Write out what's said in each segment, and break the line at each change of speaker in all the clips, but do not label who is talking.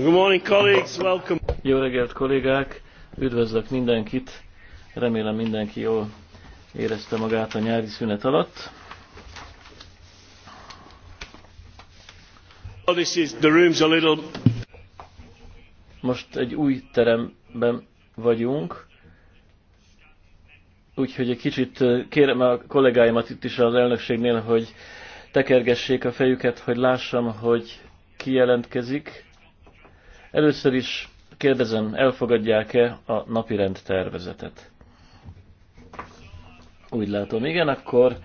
Good morning, colleagues. Welcome. Jó reggelt, kollégák! Üdvözlök mindenkit! Remélem mindenki jól érezte magát a nyári szünet alatt. Oh, this is, the room's a little... Most egy új teremben vagyunk, úgyhogy egy kicsit kérem a kollégáimat itt is az elnökségnél, hogy tekergessék a fejüket, hogy lássam, hogy ki jelentkezik Először is kérdezem, elfogadják-e a napirend tervezetet? Úgy látom, igen, akkor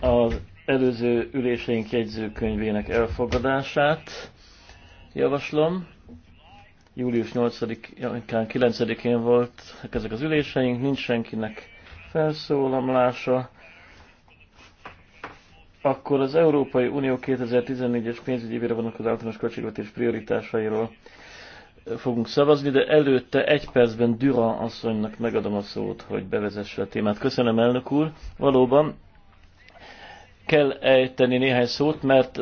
az előző ülésénk jegyzőkönyvének elfogadását javaslom. Július 8-án, 9-én volt ezek az üléseink, nincs senkinek felszólamlása akkor az Európai Unió 2014-es pénzügyévére vannak az általános költségvetés prioritásairól fogunk szavazni, de előtte egy percben Dura asszonynak megadom a szót, hogy bevezesse a témát. Köszönöm, elnök úr. Valóban kell ejteni néhány szót, mert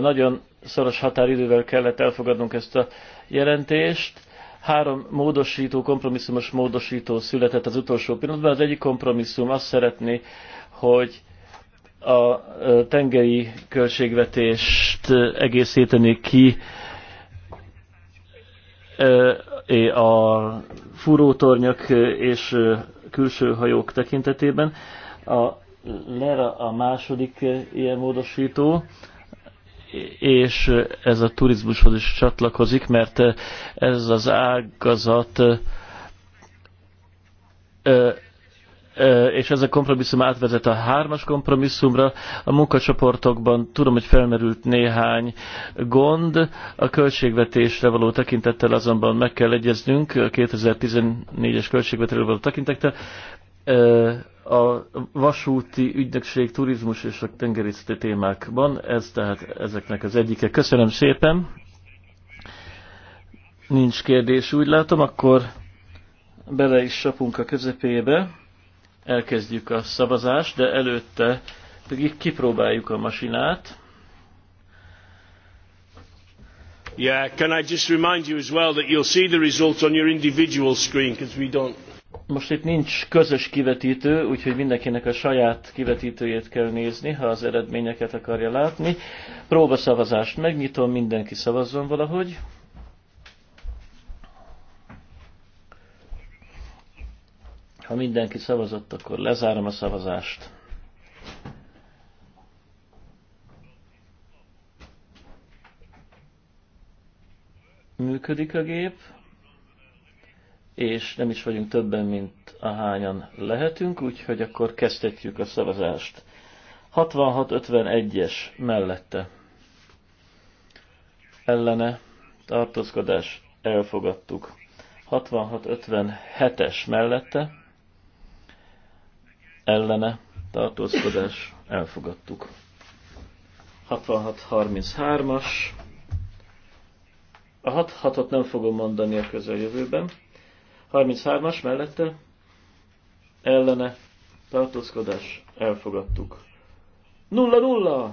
nagyon szoros határidővel kellett elfogadnunk ezt a jelentést. Három módosító, kompromisszumos módosító született az utolsó pillanatban. Az egyik kompromisszum azt szeretné, hogy a tengeri költségvetést egészíteni ki a furótornyak és külső hajók tekintetében. A LERA a második ilyen módosító, és ez a turizmushoz is csatlakozik, mert ez az ágazat és ez a kompromisszum átvezet a hármas kompromisszumra. A munkacsoportokban tudom, hogy felmerült néhány gond, a költségvetésre való tekintettel azonban meg kell egyeznünk, a 2014-es költségvetésre való tekintettel. A vasúti ügynökség, turizmus és a tengerészeti témákban, ez tehát ezeknek az egyike. Köszönöm szépen! Nincs kérdés, úgy látom, akkor bele is sapunk a közepébe elkezdjük a szavazást, de előtte kipróbáljuk a masinát. Yeah, can I just remind you as well that you'll see the results on your individual screen because we don't. Most itt nincs közös kivetítő, úgyhogy mindenkinek a saját kivetítőjét kell nézni, ha az eredményeket akarja látni. Próbaszavazást megnyitom, mindenki szavazzon valahogy. Ha mindenki szavazott, akkor lezárom a szavazást. Működik a gép, és nem is vagyunk többen, mint ahányan lehetünk, úgyhogy akkor kezdhetjük a szavazást. 6651 es mellette. Ellene tartózkodás elfogadtuk. 6657 es mellette ellene tartózkodás elfogadtuk. 6633 as A 6-6-ot nem fogom mondani a közeljövőben. 33-as mellette ellene tartózkodás elfogadtuk. 0-0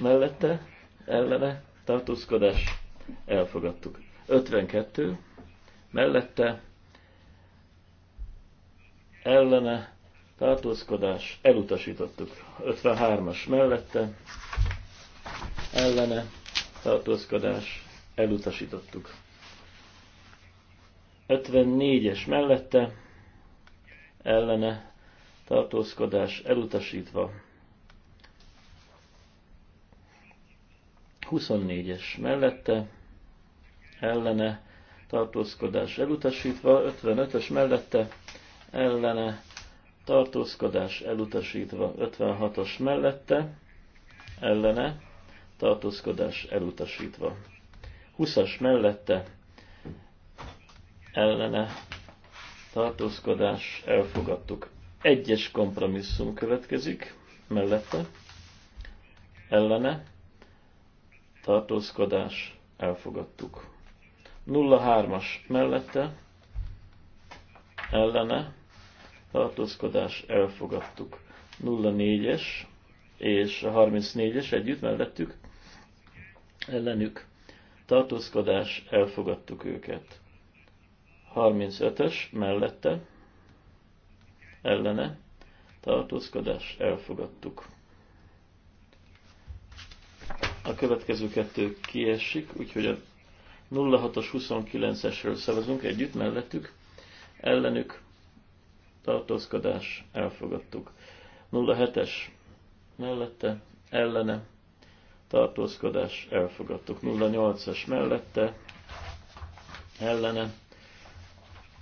mellette ellene tartózkodás elfogadtuk. 52 mellette ellene tartózkodás, elutasítottuk. 53-as mellette, ellene, tartózkodás, elutasítottuk. 54-es mellette, ellene, tartózkodás, elutasítva. 24-es mellette, ellene, tartózkodás, elutasítva. 55-ös mellette, ellene, tartózkodás elutasítva 56-os mellette, ellene, tartózkodás elutasítva. 20-as mellette, ellene, tartózkodás elfogadtuk. Egyes kompromisszum következik, mellette, ellene, tartózkodás elfogadtuk. 03-as mellette, ellene, tartózkodás elfogadtuk. 04-es és a 34-es együtt mellettük ellenük tartózkodás elfogadtuk őket. 35-ös mellette ellene tartózkodás elfogadtuk. A következő kettő kiesik, úgyhogy a 06-os 29-esről szavazunk együtt mellettük, ellenük tartózkodás, elfogadtuk. 07-es mellette, ellene, tartózkodás, elfogadtuk. 08-as mellette, ellene,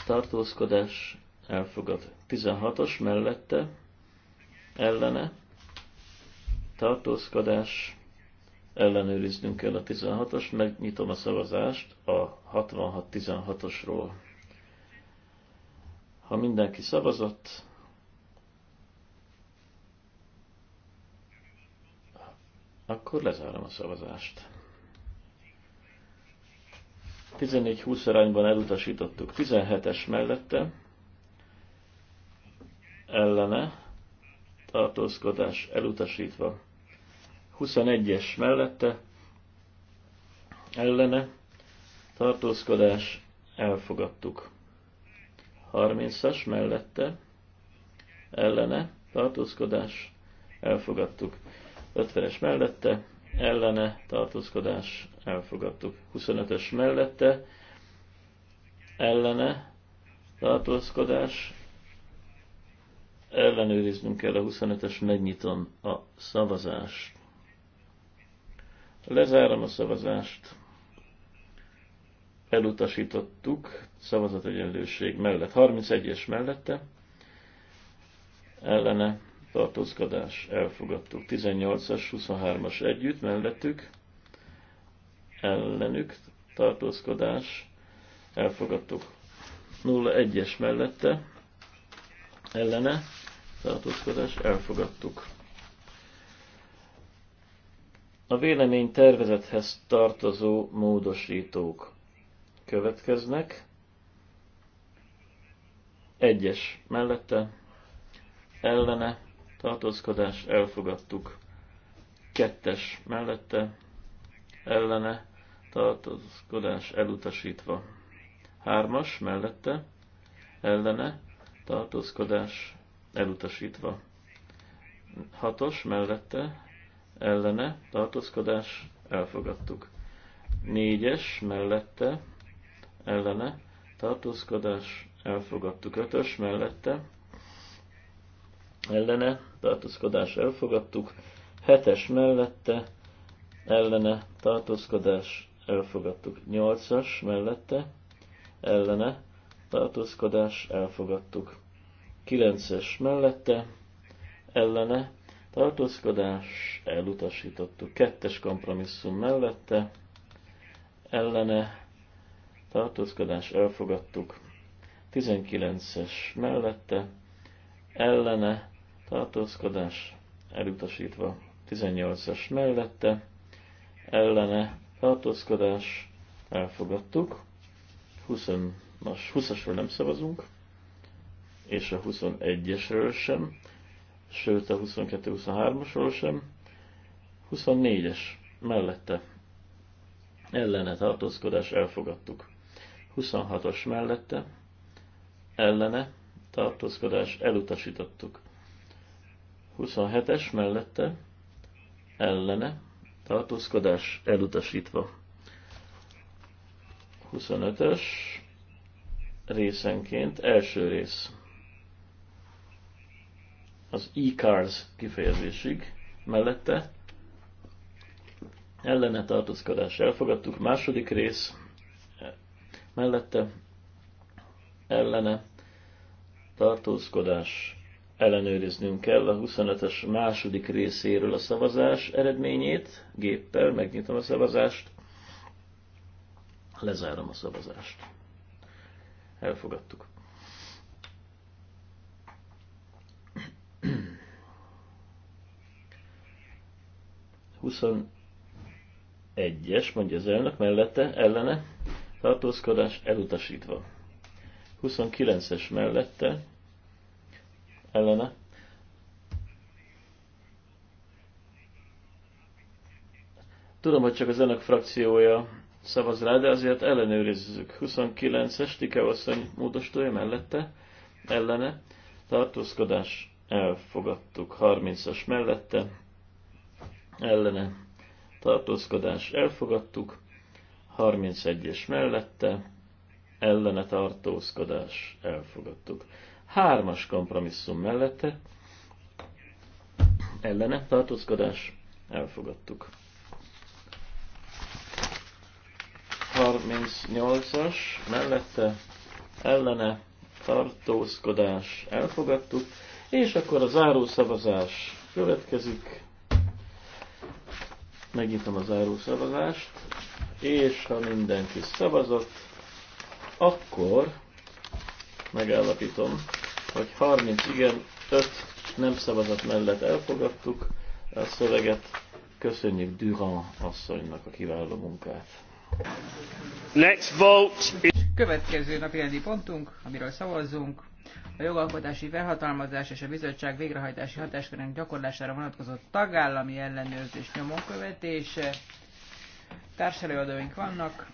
tartózkodás, elfogad. 16-os mellette, ellene, tartózkodás, ellenőriznünk kell a 16 as megnyitom a szavazást a 66-16-osról. Ha mindenki szavazott, akkor lezárom a szavazást. 14-20 arányban elutasítottuk. 17-es mellette ellene tartózkodás elutasítva. 21-es mellette ellene tartózkodás elfogadtuk. 30-as mellette ellene tartózkodás elfogadtuk. 50-es mellette ellene tartózkodás elfogadtuk. 25-ös mellette ellene tartózkodás ellenőriznünk kell a 25-es, megnyitom a szavazást. Lezárom a szavazást. Elutasítottuk szavazategyenlőség mellett. 31-es mellette ellene tartózkodás elfogadtuk. 18-as, 23-as együtt mellettük ellenük tartózkodás elfogadtuk. 01-es mellette ellene tartózkodás elfogadtuk. A vélemény tervezethez tartozó módosítók következnek. Egyes mellette ellene tartózkodás elfogadtuk. Kettes mellette ellene tartózkodás elutasítva. Hármas mellette ellene tartózkodás elutasítva. Hatos mellette ellene tartózkodás elfogadtuk. Négyes mellette ellene tartózkodás elfogadtuk ötös mellette, ellene, tartózkodás elfogadtuk, hetes mellette, ellene, tartózkodás elfogadtuk, nyolcas mellette, ellene, tartózkodás elfogadtuk, kilences mellette, ellene, tartózkodás elutasítottuk, kettes kompromisszum mellette, ellene, tartózkodás elfogadtuk, 19-es mellette, ellene, tartózkodás, elutasítva. 18-as mellette, ellene, tartózkodás, elfogadtuk. 20-as, 20-asról nem szavazunk, és a 21-esről sem, sőt a 22-23-asról sem. 24-es mellette, ellene tartózkodás, elfogadtuk. 26-os mellette, ellene tartózkodás elutasítottuk. 27-es mellette ellene tartózkodás elutasítva. 25-ös részenként első rész az e-cars kifejezésig mellette ellene tartózkodás elfogadtuk, második rész mellette ellene tartózkodás ellenőriznünk kell a 25-es második részéről a szavazás eredményét. Géppel megnyitom a szavazást, lezárom a szavazást. Elfogadtuk. Huszon egyes, mondja az elnök, mellette, ellene, tartózkodás elutasítva. 29-es mellette ellene. Tudom, hogy csak az önök frakciója szavaz rá, de azért ellenőrizzük. 29-es asszony módostója mellette ellene. Tartózkodás elfogadtuk. 30-as mellette ellene. Tartózkodás elfogadtuk. 31-es mellette ellene tartózkodás elfogadtuk. Hármas kompromisszum mellette ellene tartózkodás elfogadtuk. 38-as mellette ellene tartózkodás elfogadtuk, és akkor a záró következik. Megnyitom a záró és ha mindenki szavazott, akkor megállapítom, hogy 30 igen, 5 nem szavazat mellett elfogadtuk a szöveget. Köszönjük Durand asszonynak a kiváló munkát.
Next vote is... Következő napi pontunk, amiről szavazzunk, a jogalkotási felhatalmazás és a bizottság végrehajtási hatáskörének gyakorlására vonatkozó tagállami ellenőrzés nyomon követése. Társelőadóink vannak,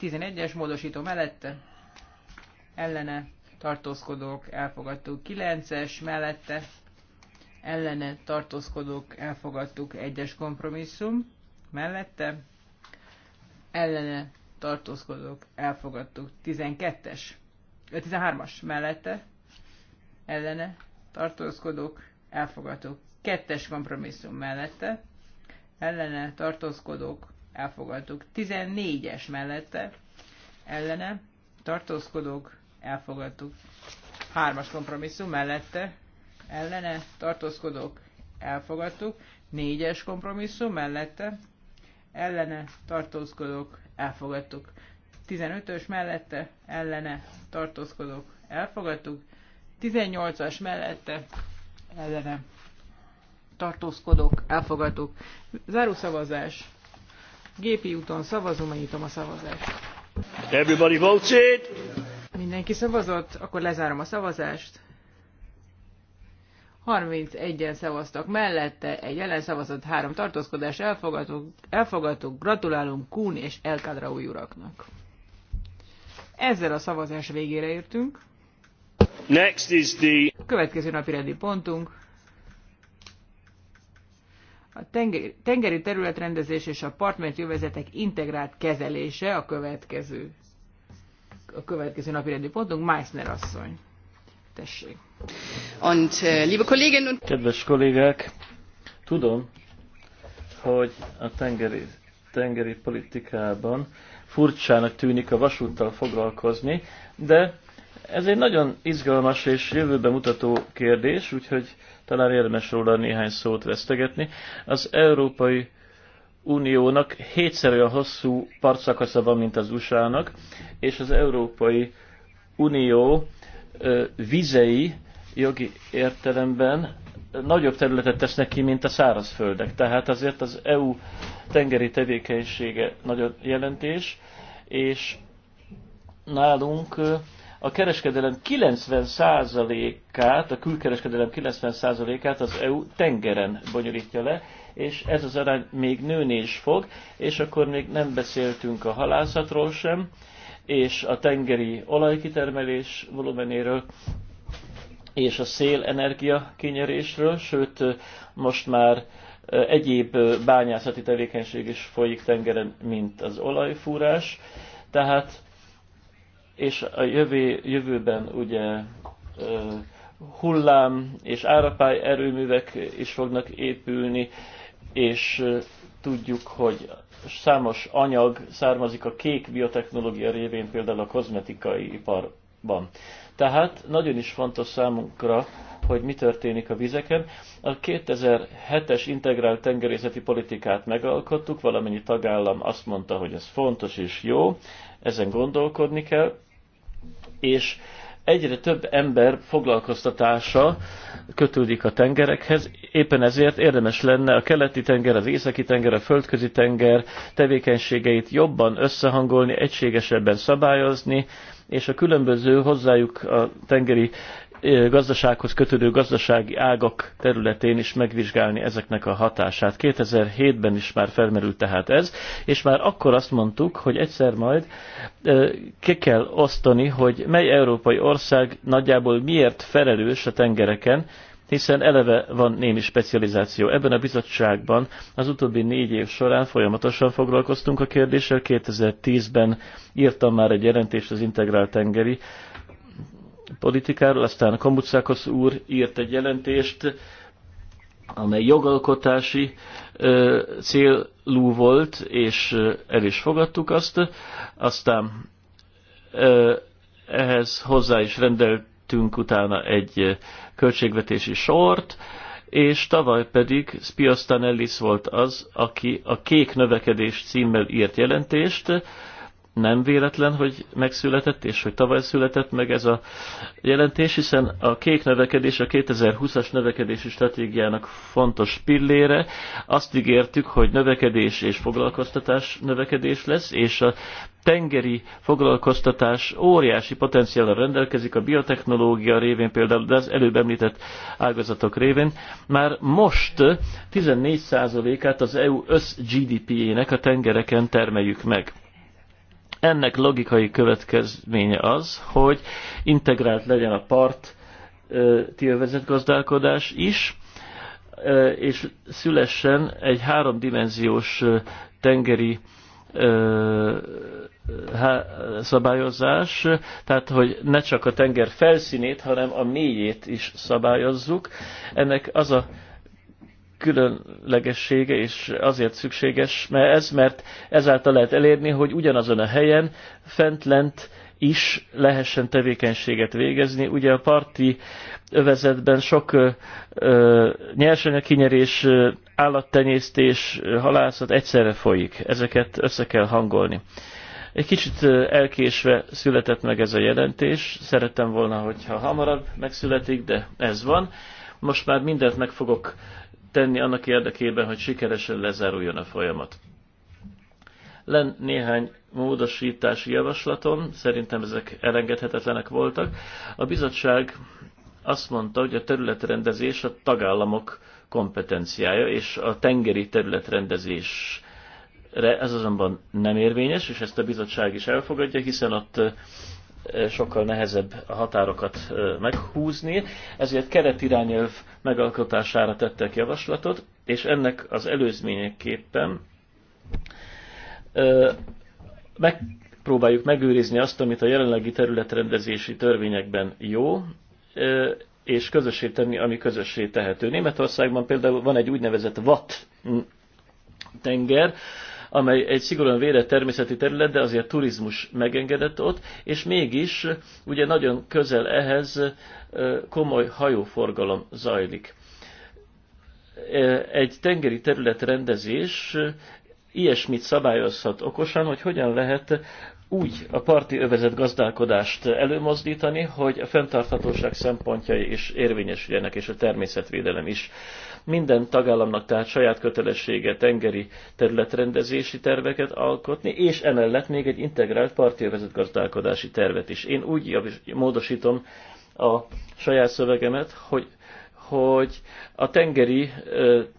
11-es módosító mellette ellene tartózkodók elfogadtuk. 9-es mellette ellene tartózkodók elfogadtuk. 1-es kompromisszum mellette ellene tartózkodók elfogadtuk. 12-es, 13-as mellette ellene tartózkodók elfogadtuk. 2-es kompromisszum mellette ellene tartózkodók elfogadtuk. 14-es mellette ellene tartózkodók elfogadtuk. 3-as kompromisszum mellette ellene tartózkodók elfogadtuk. 4-es kompromisszum mellette ellene tartózkodók elfogadtuk. 15-ös mellette ellene tartózkodók elfogadtuk. 18-as mellette ellene tartózkodók elfogadtuk. Zárószavazás Gépi úton szavazom, megnyitom a szavazást.
Everybody voted.
Mindenki szavazott, akkor lezárom a szavazást. 31-en szavaztak mellette, egy szavazott három tartózkodás elfogadtuk, elfogadtuk gratulálunk Kún és Elkadraui uraknak. Ezzel a szavazás végére értünk.
Next is the... Következő
napi rendi pontunk. A tengeri, tengeri területrendezés és a partmenti övezetek integrált kezelése a következő a következő napi rendi pontunk, Meissner asszony. Tessék.
Und, uh, liebe Kolleginnen und Kedves kollégák, tudom, hogy a tengeri, tengeri politikában furcsának tűnik a vasúttal foglalkozni, de ez egy nagyon izgalmas és jövőbe mutató kérdés, úgyhogy talán érdemes róla néhány szót vesztegetni. Az Európai Uniónak hétszer olyan hosszú partszakasza van, mint az USA-nak, és az Európai Unió vizei jogi értelemben nagyobb területet tesznek ki, mint a szárazföldek. Tehát azért az EU tengeri tevékenysége nagyon jelentés, és nálunk a kereskedelem 90%-át, a külkereskedelem 90%-át az EU tengeren bonyolítja le, és ez az arány még nőni is fog, és akkor még nem beszéltünk a halászatról sem, és a tengeri olajkitermelés volumenéről, és a szélenergia kinyerésről, sőt, most már egyéb bányászati tevékenység is folyik tengeren, mint az olajfúrás. Tehát és a jövő, jövőben ugye hullám és árapály erőművek is fognak épülni, és tudjuk, hogy számos anyag származik a kék biotechnológia révén, például a kozmetikai iparban. Tehát nagyon is fontos számunkra, hogy mi történik a vizeken. A 2007-es integrált tengerészeti politikát megalkottuk, valamennyi tagállam azt mondta, hogy ez fontos és jó, ezen gondolkodni kell, és egyre több ember foglalkoztatása kötődik a tengerekhez, éppen ezért érdemes lenne a keleti tenger, az északi tenger, a földközi tenger tevékenységeit jobban összehangolni, egységesebben szabályozni, és a különböző hozzájuk a tengeri gazdasághoz kötődő gazdasági ágak területén is megvizsgálni ezeknek a hatását. 2007-ben is már felmerült tehát ez, és már akkor azt mondtuk, hogy egyszer majd ki kell osztani, hogy mely európai ország nagyjából miért felelős a tengereken, hiszen eleve van némi specializáció. Ebben a bizottságban az utóbbi négy év során folyamatosan foglalkoztunk a kérdéssel. 2010-ben írtam már egy jelentést az integrált tengeri politikáról, aztán Kambucákos úr írt egy jelentést, amely jogalkotási ö, célú volt, és ö, el is fogadtuk azt. Aztán ö, ehhez hozzá is rendeltünk utána egy költségvetési sort, és tavaly pedig Spiasztan Ellis volt az, aki a Kék Növekedés címmel írt jelentést, nem véletlen, hogy megszületett, és hogy tavaly született meg ez a jelentés, hiszen a kék növekedés a 2020-as növekedési stratégiának fontos pillére. Azt ígértük, hogy növekedés és foglalkoztatás növekedés lesz, és a tengeri foglalkoztatás óriási potenciállal rendelkezik a biotechnológia révén, például de az előbb említett ágazatok révén. Már most 14%-át az EU össz GDP-jének a tengereken termeljük meg. Ennek logikai következménye az, hogy integrált legyen a part tilvezett gazdálkodás is, és szülessen egy háromdimenziós tengeri szabályozás, tehát hogy ne csak a tenger felszínét, hanem a mélyét is szabályozzuk. Ennek az a különlegessége, és azért szükséges, mert ez, mert ezáltal lehet elérni, hogy ugyanazon a helyen fent-lent is lehessen tevékenységet végezni. Ugye a parti övezetben sok nyersanyagkinyerés, állattenyésztés, halászat egyszerre folyik. Ezeket össze kell hangolni. Egy kicsit elkésve született meg ez a jelentés. Szerettem volna, hogyha hamarabb megszületik, de ez van. Most már mindent meg fogok tenni annak érdekében, hogy sikeresen lezáruljon a folyamat. Len néhány módosítási javaslatom, szerintem ezek elengedhetetlenek voltak. A bizottság azt mondta, hogy a területrendezés a tagállamok kompetenciája, és a tengeri területrendezésre ez azonban nem érvényes, és ezt a bizottság is elfogadja, hiszen ott sokkal nehezebb a határokat meghúzni, ezért keretirányelv megalkotására tettek javaslatot, és ennek az előzményeképpen megpróbáljuk megőrizni azt, amit a jelenlegi területrendezési törvényekben jó, és közössé tenni, ami közössé tehető. Németországban például van egy úgynevezett VAT tenger, amely egy szigorúan védett természeti terület, de azért turizmus megengedett ott, és mégis ugye nagyon közel ehhez komoly hajóforgalom zajlik. Egy tengeri terület rendezés ilyesmit szabályozhat okosan, hogy hogyan lehet úgy a parti övezet gazdálkodást előmozdítani, hogy a fenntarthatóság szempontjai is érvényesüljenek, és a természetvédelem is. Minden tagállamnak tehát saját kötelessége tengeri területrendezési terveket alkotni, és emellett még egy integrált partjövezet gazdálkodási tervet is. Én úgy javis, módosítom a saját szövegemet, hogy hogy a tengeri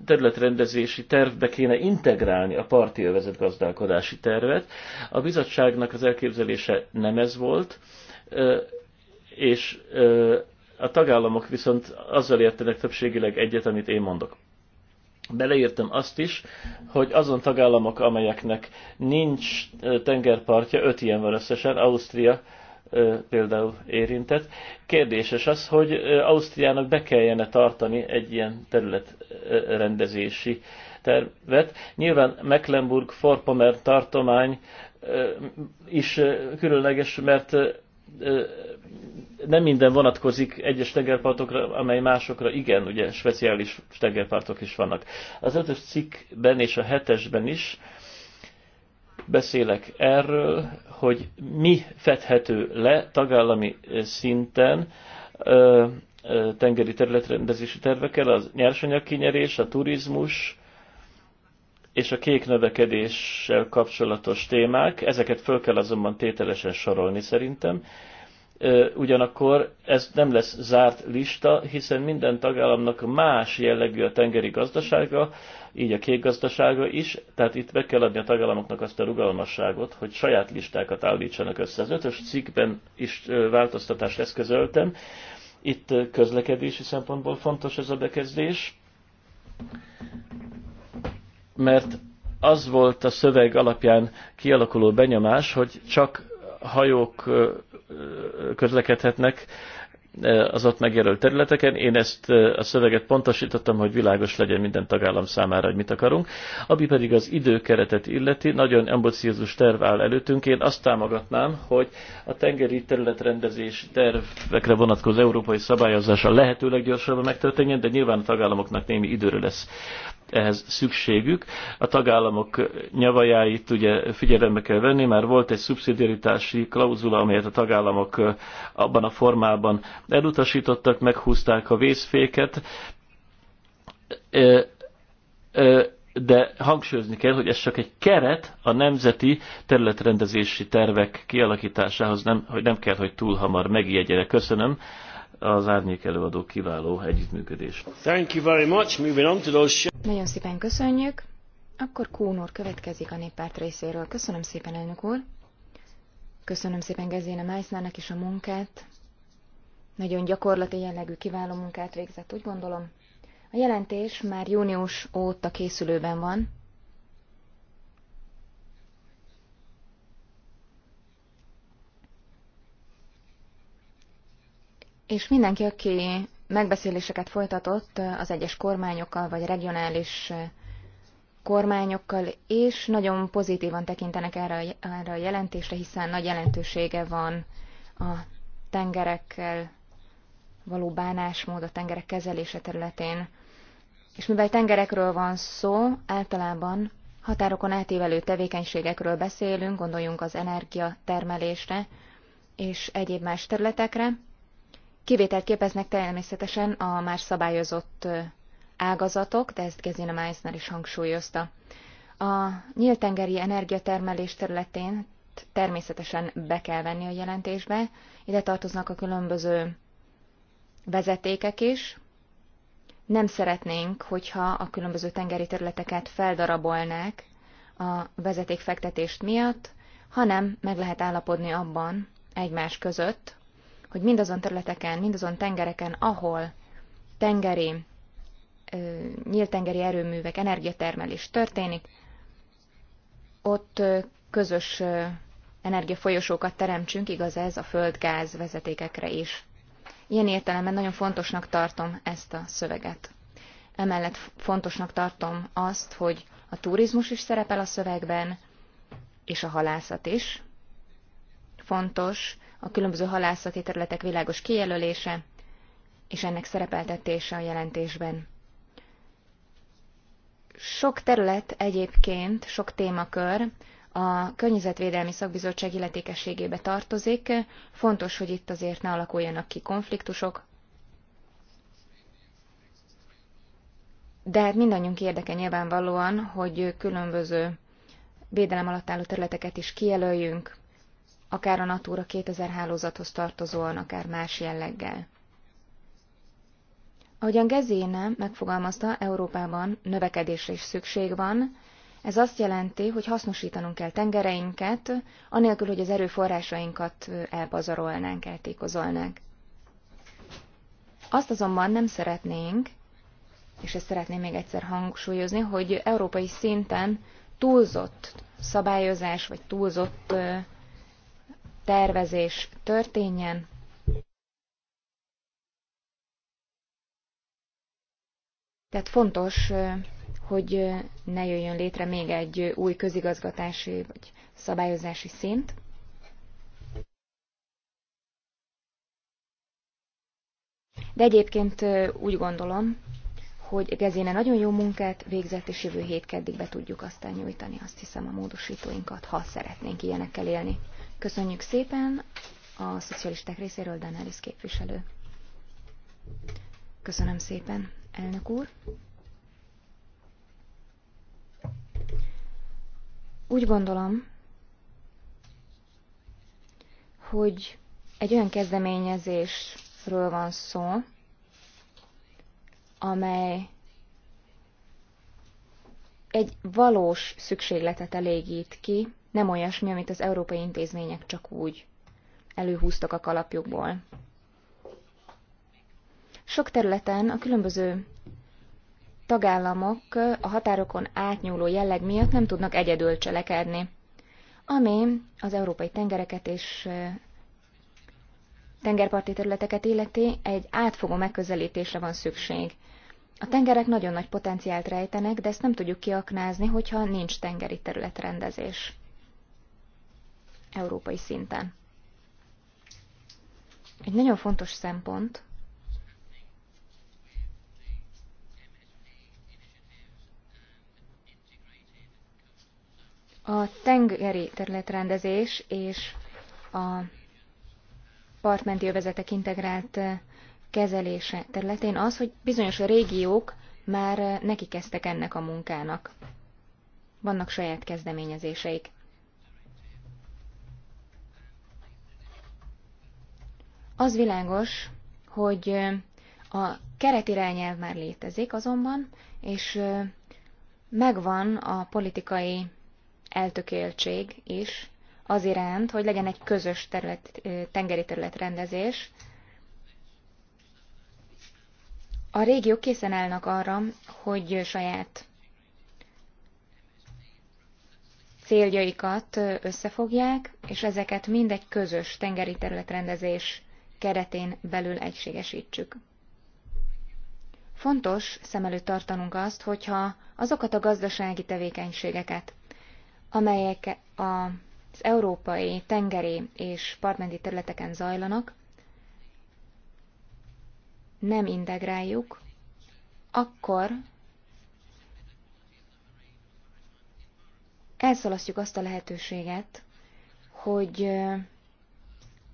területrendezési tervbe kéne integrálni a parti övezet gazdálkodási tervet. A bizottságnak az elképzelése nem ez volt, és a tagállamok viszont azzal értenek többségileg egyet, amit én mondok. Beleírtam azt is, hogy azon tagállamok, amelyeknek nincs tengerpartja, öt ilyen van összesen, Ausztria például érintett. Kérdéses az, hogy Ausztriának be kelljene tartani egy ilyen területrendezési tervet. Nyilván Mecklenburg-Vorpommern tartomány is különleges, mert nem minden vonatkozik egyes tengerpartokra, amely másokra igen, ugye speciális tengerpartok is vannak. Az ötös cikkben és a hetesben is beszélek erről, hogy mi fedhető le tagállami szinten tengeri területrendezési tervekkel, az nyersanyagkinyerés, a turizmus, és a kék növekedéssel kapcsolatos témák, ezeket föl kell azonban tételesen sorolni szerintem. Ugyanakkor ez nem lesz zárt lista, hiszen minden tagállamnak más jellegű a tengeri gazdasága, így a kék gazdasága is, tehát itt be kell adni a tagállamoknak azt a rugalmasságot, hogy saját listákat állítsanak össze. Az ötös cikkben is változtatást eszközöltem, itt közlekedési szempontból fontos ez a bekezdés mert az volt a szöveg alapján kialakuló benyomás, hogy csak hajók közlekedhetnek az ott megjelölt területeken. Én ezt a szöveget pontosítottam, hogy világos legyen minden tagállam számára, hogy mit akarunk. Ami pedig az időkeretet illeti, nagyon ambiciózus terv áll előttünk. Én azt támogatnám, hogy a tengeri területrendezés tervekre vonatkozó európai szabályozása lehetőleg gyorsabban megtörténjen, de nyilván a tagállamoknak némi időre lesz ehhez szükségük. A tagállamok nyavajáit ugye figyelembe kell venni, már volt egy szubszidiaritási klauzula, amelyet a tagállamok abban a formában elutasítottak, meghúzták a vészféket, de hangsúlyozni kell, hogy ez csak egy keret a nemzeti területrendezési tervek kialakításához, nem, hogy nem kell, hogy túl hamar megijedjenek. Köszönöm az árnyék előadó kiváló együttműködés. Thank you very much. Moving on to those...
Nagyon szépen köszönjük. Akkor Kún úr következik a néppárt részéről. Köszönöm szépen, elnök úr. Köszönöm szépen Gezéne Meissnernek is a munkát. Nagyon gyakorlati jellegű kiváló munkát végzett, úgy gondolom. A jelentés már június óta készülőben van, és mindenki, aki megbeszéléseket folytatott az egyes kormányokkal, vagy regionális kormányokkal, és nagyon pozitívan tekintenek erre a, erre a jelentésre, hiszen nagy jelentősége van a tengerekkel való bánásmód, a tengerek kezelése területén. És mivel tengerekről van szó, általában határokon átívelő tevékenységekről beszélünk, gondoljunk az energiatermelésre és egyéb más területekre, Kivételt képeznek természetesen a más szabályozott ágazatok, de ezt Gezina Meissner is hangsúlyozta. A nyíltengeri energiatermelés területén természetesen be kell venni a jelentésbe, ide tartoznak a különböző vezetékek is. Nem szeretnénk, hogyha a különböző tengeri területeket feldarabolnák a vezetékfektetést miatt, hanem meg lehet állapodni abban egymás között, hogy mindazon területeken, mindazon tengereken, ahol tengeri, nyíltengeri erőművek, energiatermelés történik, ott közös energiafolyosókat teremtsünk, igaz ez a földgáz vezetékekre is. Ilyen értelemben nagyon fontosnak tartom ezt a szöveget. Emellett fontosnak tartom azt, hogy a turizmus is szerepel a szövegben, és a halászat is. Fontos, a különböző halászati területek világos kijelölése és ennek szerepeltetése a jelentésben. Sok terület egyébként, sok témakör a Környezetvédelmi Szakbizottság illetékességébe tartozik. Fontos, hogy itt azért ne alakuljanak ki konfliktusok, De hát mindannyiunk érdeke nyilvánvalóan, hogy különböző védelem alatt álló területeket is kijelöljünk, akár a Natura 2000 hálózathoz tartozóan, akár más jelleggel. Ahogyan Gezéne megfogalmazta, Európában növekedésre is szükség van, ez azt jelenti, hogy hasznosítanunk kell tengereinket, anélkül, hogy az erőforrásainkat elpazarolnánk, eltékozolnánk. Azt azonban nem szeretnénk, és ezt szeretném még egyszer hangsúlyozni, hogy európai szinten túlzott szabályozás vagy túlzott tervezés történjen. Tehát fontos, hogy ne jöjjön létre még egy új közigazgatási vagy szabályozási szint. De egyébként úgy gondolom, hogy Gezéne nagyon jó munkát végzett, és jövő hétkeddig be tudjuk aztán nyújtani, azt hiszem, a módosítóinkat, ha szeretnénk ilyenekkel élni. Köszönjük szépen a szocialisták részéről Danális képviselő. Köszönöm szépen, elnök úr. Úgy gondolom, hogy egy olyan kezdeményezésről van szó, amely egy valós szükségletet elégít ki, nem olyasmi, amit az európai intézmények csak úgy előhúztak a kalapjukból. Sok területen a különböző tagállamok a határokon átnyúló jelleg miatt nem tudnak egyedül cselekedni, ami az európai tengereket és tengerparti területeket illeti egy átfogó megközelítésre van szükség. A tengerek nagyon nagy potenciált rejtenek, de ezt nem tudjuk kiaknázni, hogyha nincs tengeri területrendezés európai szinten. Egy nagyon fontos szempont, A tengeri területrendezés és a partmenti övezetek integrált kezelése területén az, hogy bizonyos régiók már neki kezdtek ennek a munkának. Vannak saját kezdeményezéseik. Az világos, hogy a keretirányelv már létezik azonban, és megvan a politikai eltökéltség is az iránt, hogy legyen egy közös terület, tengeri területrendezés. A régiók készen állnak arra, hogy saját céljaikat összefogják, és ezeket mind egy közös tengeri területrendezés keretén belül egységesítsük. Fontos szem előtt tartanunk azt, hogyha azokat a gazdasági tevékenységeket, amelyek az európai tengeri és partmenti területeken zajlanak, nem integráljuk, akkor elszalasztjuk azt a lehetőséget, hogy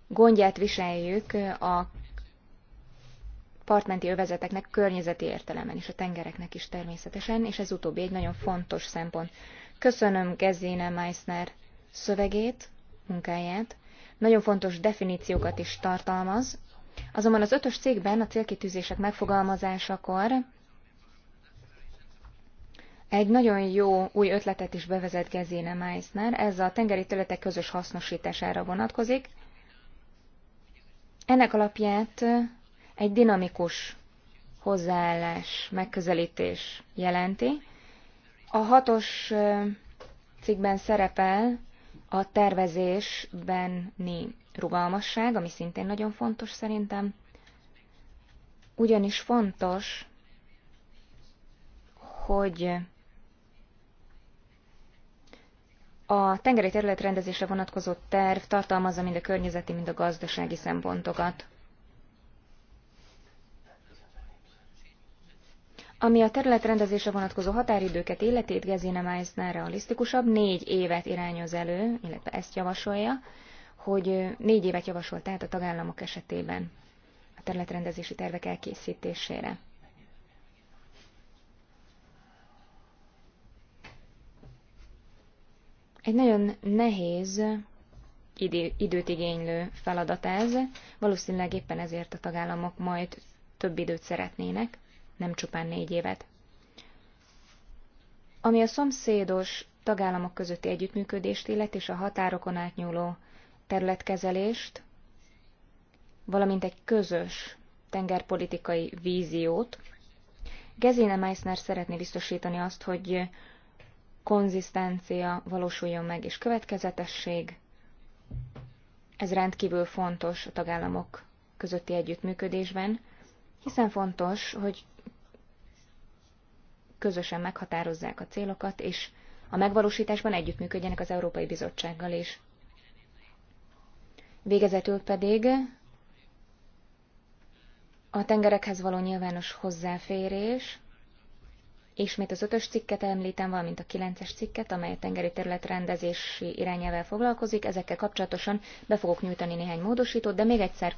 gondját viseljük a partmenti övezeteknek környezeti értelemben és a tengereknek is természetesen, és ez utóbbi egy nagyon fontos szempont. Köszönöm Gezine Meissner szövegét, munkáját. Nagyon fontos definíciókat is tartalmaz, azonban az ötös cégben a célkitűzések megfogalmazásakor egy nagyon jó új ötletet is bevezet Gezine Meissner, ez a tengeri területek közös hasznosítására vonatkozik, ennek alapját egy dinamikus hozzáállás, megközelítés jelenti. A hatos cikkben szerepel a tervezésbenni rugalmasság, ami szintén nagyon fontos szerintem, ugyanis fontos, hogy A tengeri területrendezésre vonatkozó terv tartalmazza mind a környezeti, mind a gazdasági szempontokat. Ami a területrendezésre vonatkozó határidőket életét Gezine Meissner realisztikusabb, négy évet irányoz elő, illetve ezt javasolja, hogy négy évet javasolt tehát a tagállamok esetében a területrendezési tervek elkészítésére. Egy nagyon nehéz, idő, időt igénylő feladat ez, valószínűleg éppen ezért a tagállamok majd több időt szeretnének, nem csupán négy évet. Ami a szomszédos tagállamok közötti együttműködést illet és a határokon átnyúló területkezelést, valamint egy közös tengerpolitikai víziót. Gezine Meissner szeretné biztosítani azt, hogy konzisztencia valósuljon meg, és következetesség. Ez rendkívül fontos a tagállamok közötti együttműködésben, hiszen fontos, hogy közösen meghatározzák a célokat, és a megvalósításban együttműködjenek az Európai Bizottsággal is. Végezetül pedig a tengerekhez való nyilvános hozzáférés, Ismét az ötös cikket említem, valamint a kilences cikket, amely a tengeri terület rendezési irányával foglalkozik. Ezekkel kapcsolatosan be fogok nyújtani néhány módosítót, de még egyszer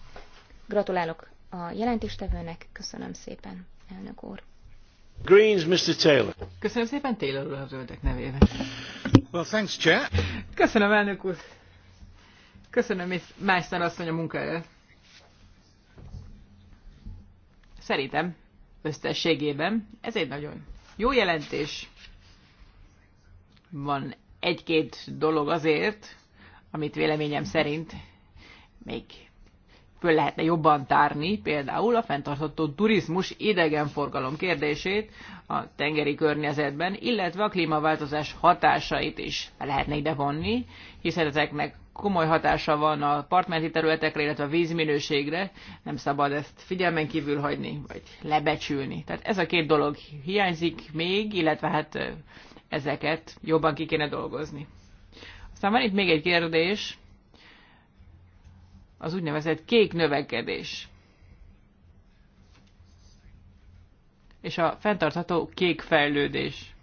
gratulálok a jelentéstevőnek. Köszönöm szépen, elnök úr.
Greens, Mr. Taylor.
Köszönöm szépen Taylor úr a zöldek nevében. Well, thanks, Chair. Köszönöm, elnök úr. Köszönöm, Miss Meister asszony a munkáját. Szerintem összességében ez egy nagyon jó jelentés. Van egy-két dolog azért, amit véleményem szerint még föl lehetne jobban tárni, például a fenntartható turizmus idegenforgalom kérdését a tengeri környezetben, illetve a klímaváltozás hatásait is lehetne ide vonni, hiszen ezeknek komoly hatása van a partmenti területekre, illetve a vízminőségre, nem szabad ezt figyelmen kívül hagyni, vagy lebecsülni. Tehát ez a két dolog hiányzik még, illetve hát ezeket jobban ki kéne dolgozni. Aztán van itt még egy kérdés, az úgynevezett kék növekedés. És a fenntartható kék fejlődés.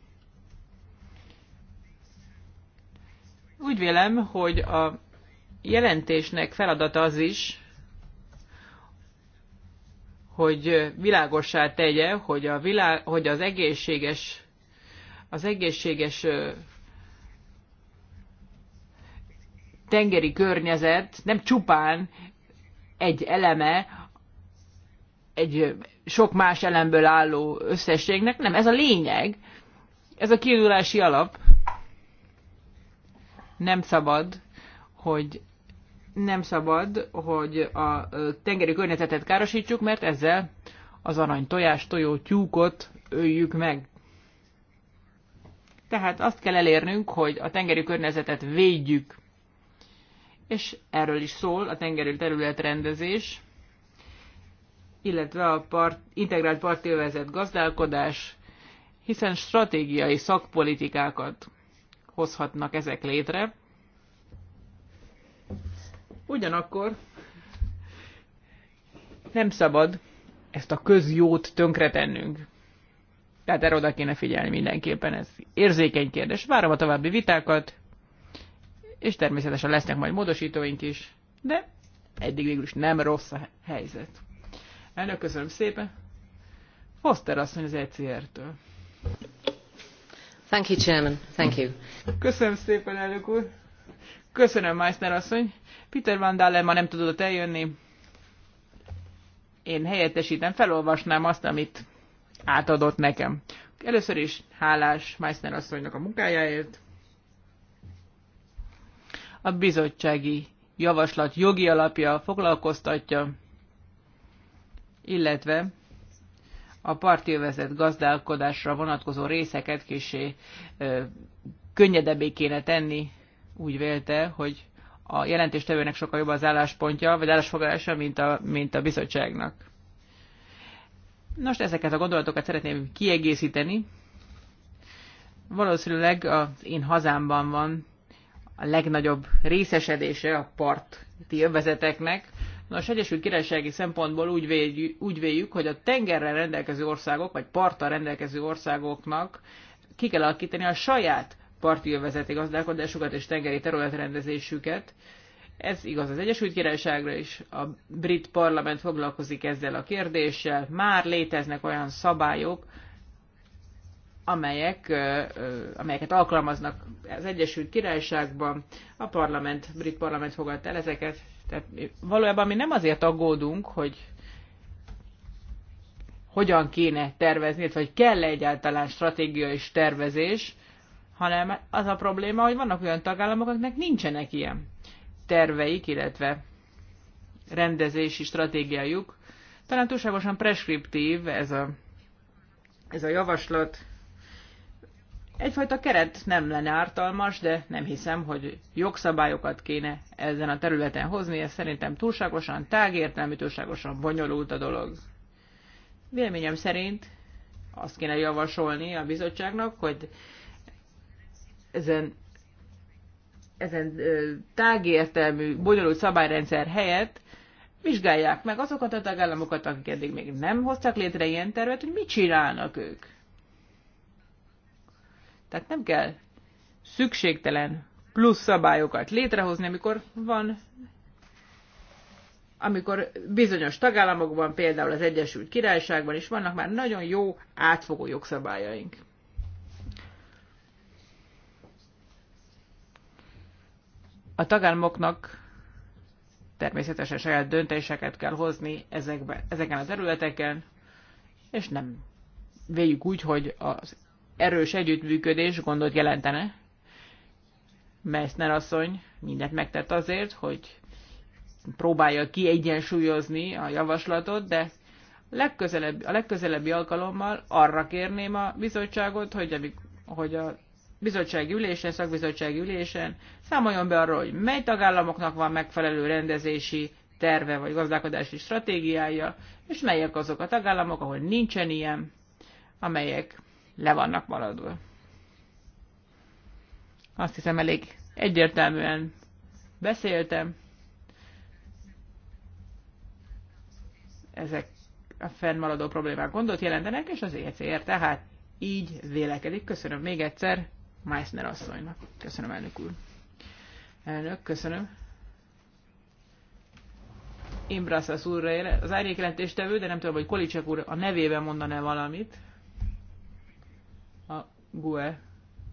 Úgy vélem, hogy a jelentésnek feladata az is, hogy világossá tegye, hogy, a világ, hogy az egészséges, az egészséges tengeri környezet nem csupán egy eleme, egy sok más elemből álló összességnek, nem, ez a lényeg, ez a kiindulási alap. Nem szabad, hogy nem szabad, hogy a tengeri környezetet károsítsuk, mert ezzel az arany tojás tojó tyúkot öljük meg. Tehát azt kell elérnünk, hogy a tengeri környezetet védjük. És erről is szól a tengeri területrendezés, illetve a part, integrált partilvezet gazdálkodás, hiszen stratégiai szakpolitikákat hozhatnak ezek létre, Ugyanakkor nem szabad ezt a közjót tönkretennünk. Tehát erre oda kéne figyelni mindenképpen, ez érzékeny kérdés. Várom a további vitákat, és természetesen lesznek majd módosítóink is, de eddig végül is nem rossz a helyzet. Elnök, köszönöm szépen. Foster asszony az ECR-től.
Thank you, Chairman. Thank you.
Köszönöm szépen, elnök úr. Köszönöm, Meissner asszony. Peter Van Dalen ma nem tudott eljönni. Én helyettesítem, felolvasnám azt, amit átadott nekem. Először is hálás Meissner asszonynak a munkájáért. A bizottsági javaslat jogi alapja foglalkoztatja, illetve a partjövezet gazdálkodásra vonatkozó részeket kisé könnyedebbé kéne tenni úgy vélte, hogy a jelentéstevőnek sokkal jobb az álláspontja, vagy állásfoglalása, mint a, mint a bizottságnak. Nos, ezeket a gondolatokat szeretném kiegészíteni. Valószínűleg az én hazámban van a legnagyobb részesedése a parti övezeteknek. Nos, Egyesült Királysági szempontból úgy véljük, úgy véljük, hogy a tengerrel rendelkező országok, vagy parttal rendelkező országoknak ki kell alakítani a saját parti övezeti gazdálkodásukat és tengeri területrendezésüket. Ez igaz az Egyesült Királyságra is, a brit parlament foglalkozik ezzel a kérdéssel. Már léteznek olyan szabályok, amelyek, amelyeket alkalmaznak az Egyesült Királyságban. A parlament, a brit parlament fogadta el ezeket. Tehát valójában mi nem azért aggódunk, hogy hogyan kéne tervezni, vagy kell -e egyáltalán stratégiai tervezés, hanem az a probléma, hogy vannak olyan tagállamok, akiknek nincsenek ilyen terveik, illetve rendezési stratégiájuk. Talán túlságosan preskriptív ez a, ez a javaslat. Egyfajta keret nem lenne ártalmas, de nem hiszem, hogy jogszabályokat kéne ezen a területen hozni, ez szerintem túlságosan tágértelmű, túlságosan bonyolult a dolog. Véleményem szerint azt kéne javasolni a bizottságnak, hogy ezen, ezen tágértelmű, bonyolult szabályrendszer helyett vizsgálják meg azokat a tagállamokat, akik eddig még nem hoztak létre ilyen tervet, hogy mit csinálnak ők. Tehát nem kell szükségtelen plusz szabályokat létrehozni, amikor van amikor bizonyos tagállamokban, például az Egyesült Királyságban is vannak már nagyon jó átfogó jogszabályaink. A tagállamoknak természetesen saját döntéseket kell hozni ezekbe, ezeken a területeken, és nem véljük úgy, hogy az erős együttműködés gondot jelentene. Messner asszony mindent megtett azért, hogy próbálja kiegyensúlyozni a javaslatot, de legközelebbi, a legközelebbi alkalommal arra kérném a bizottságot, hogy, amik, hogy a bizottsági ülésen, szakbizottsági ülésen, számoljon be arról, hogy mely tagállamoknak van megfelelő rendezési terve vagy gazdálkodási stratégiája, és melyek azok a tagállamok, ahol nincsen ilyen, amelyek le vannak maradva. Azt hiszem elég egyértelműen beszéltem. Ezek a fennmaradó problémák gondot jelentenek, és az ECR tehát így vélekedik. Köszönöm még egyszer Meissner asszonynak. Köszönöm, elnök úr. Elnök, köszönöm. Imbrasszas úrra az árnyékjelentéstevő, de nem tudom, hogy Kolicsek úr a nevében mondaná valamit. A GUE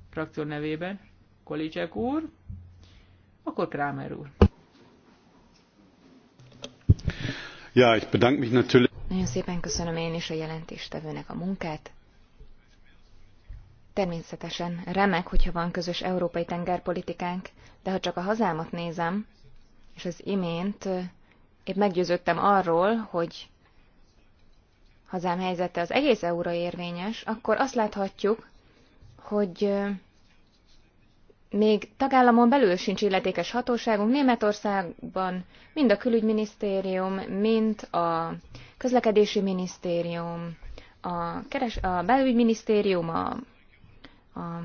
frakció nevében. Kolicsek úr,
akkor Krámer úr.
Ja, ich bedanke mich natürlich.
Nagyon szépen köszönöm én is a jelentéstevőnek a munkát. Természetesen remek, hogyha van közös európai tengerpolitikánk, de ha csak a hazámat nézem, és az imént épp meggyőződtem arról, hogy hazám helyzete az egész euró érvényes, akkor azt láthatjuk, hogy még tagállamon belül sincs illetékes hatóságunk. Németországban mind a külügyminisztérium, mind a közlekedési minisztérium, a, keres, a belügyminisztérium, a a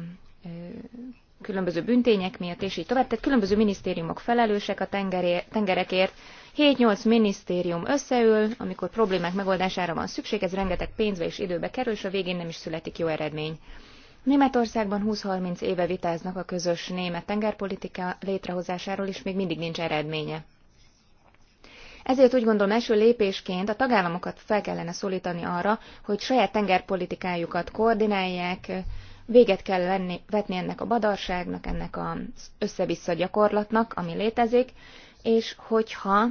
különböző büntények miatt, és így tovább. Tehát különböző minisztériumok felelősek a tengerekért. 7-8 minisztérium összeül, amikor problémák megoldására van szükség, ez rengeteg pénzbe és időbe kerül, és a végén nem is születik jó eredmény. Németországban 20-30 éve vitáznak a közös német tengerpolitika létrehozásáról, és még mindig nincs eredménye. Ezért úgy gondolom, első lépésként a tagállamokat fel kellene szólítani arra, hogy saját tengerpolitikájukat koordinálják, Véget kell lenni, vetni ennek a badarságnak, ennek az össze-vissza gyakorlatnak, ami létezik, és hogyha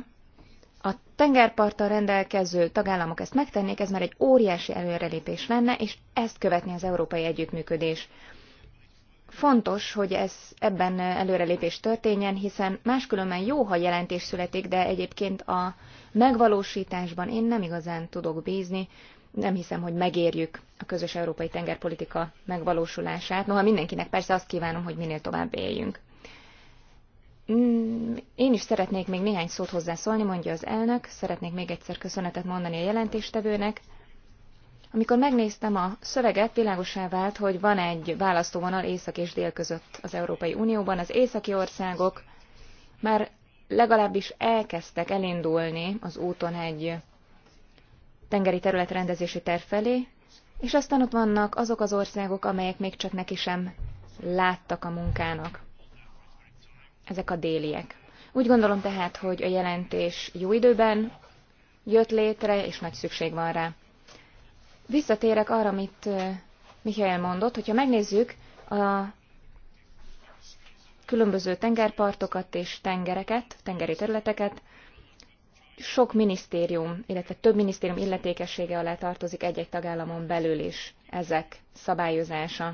a tengerparttal rendelkező tagállamok ezt megtennék, ez már egy óriási előrelépés lenne, és ezt követni az európai együttműködés. Fontos, hogy ez ebben előrelépés történjen, hiszen máskülönben jó, ha jelentés születik, de egyébként a megvalósításban én nem igazán tudok bízni, nem hiszem, hogy megérjük a közös európai tengerpolitika megvalósulását. Noha mindenkinek persze azt kívánom, hogy minél tovább éljünk. Mm, én is szeretnék még néhány szót hozzászólni, mondja az elnök. Szeretnék még egyszer köszönetet mondani a jelentéstevőnek. Amikor megnéztem a szöveget, világosá vált, hogy van egy választóvonal észak és dél között az Európai Unióban. Az északi országok már legalábbis elkezdtek elindulni az úton egy tengeri terület rendezési terv felé, és aztán ott vannak azok az országok, amelyek még csak neki sem láttak a munkának. Ezek a déliek. Úgy gondolom tehát, hogy a jelentés jó időben jött létre, és nagy szükség van rá. Visszatérek arra, amit Mihály mondott, hogyha megnézzük a különböző tengerpartokat és tengereket, tengeri területeket, sok minisztérium, illetve több minisztérium illetékessége alá tartozik egy-egy tagállamon belül is ezek szabályozása.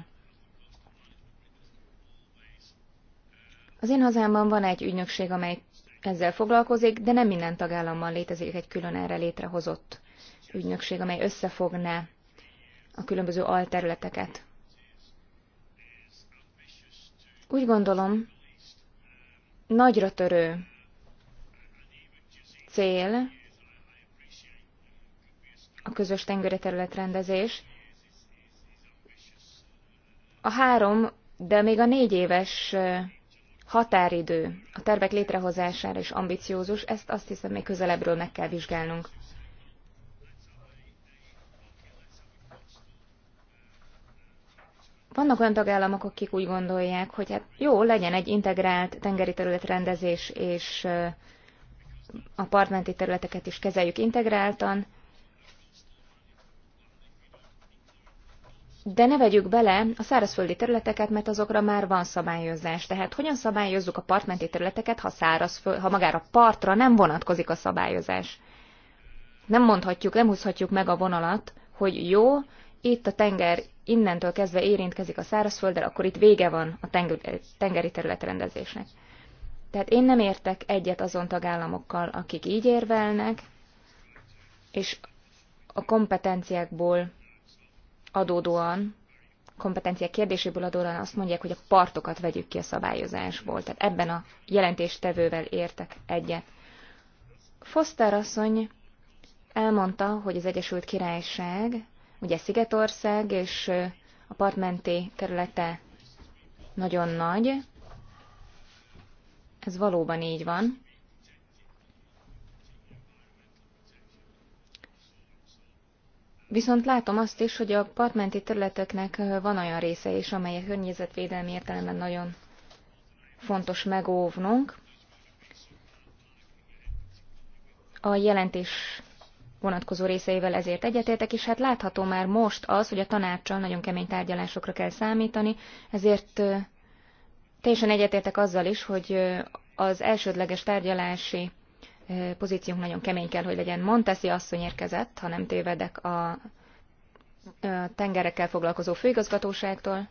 Az én hazámban van egy ügynökség, amely ezzel foglalkozik, de nem minden tagállamban létezik egy külön erre létrehozott ügynökség, amely összefogná a különböző alterületeket. Úgy gondolom, nagyra törő cél a közös tengeri területrendezés. A három, de még a négy éves határidő a tervek létrehozására is ambiciózus, ezt azt hiszem még közelebbről meg kell vizsgálnunk. Vannak olyan tagállamok, akik úgy gondolják, hogy hát jó, legyen egy integrált tengeri területrendezés és a partmenti területeket is kezeljük integráltan, De ne vegyük bele a szárazföldi területeket, mert azokra már van szabályozás. Tehát hogyan szabályozzuk a partmenti területeket, ha, szárazföld, ha magára partra nem vonatkozik a szabályozás? Nem mondhatjuk, nem húzhatjuk meg a vonalat, hogy jó, itt a tenger innentől kezdve érintkezik a szárazfölddel, akkor itt vége van a tengeri területrendezésnek. Tehát én nem értek egyet azon tagállamokkal, akik így érvelnek, és a kompetenciákból adódóan, kompetenciák kérdéséből adódóan azt mondják, hogy a partokat vegyük ki a szabályozásból. Tehát ebben a jelentéstevővel értek egyet. Foster asszony elmondta, hogy az Egyesült Királyság, ugye Szigetország és a partmenti területe nagyon nagy, ez valóban így van. Viszont látom azt is, hogy a partmenti területeknek van olyan része is, amely a környezetvédelmi értelemben nagyon fontos megóvnunk. A jelentés vonatkozó részeivel ezért egyetértek, és hát látható már most az, hogy a tanácssal nagyon kemény tárgyalásokra kell számítani, ezért Teljesen egyetértek azzal is, hogy az elsődleges tárgyalási pozíciónk nagyon kemény kell, hogy legyen. Monteszi asszony érkezett, ha nem tévedek, a tengerekkel foglalkozó főigazgatóságtól.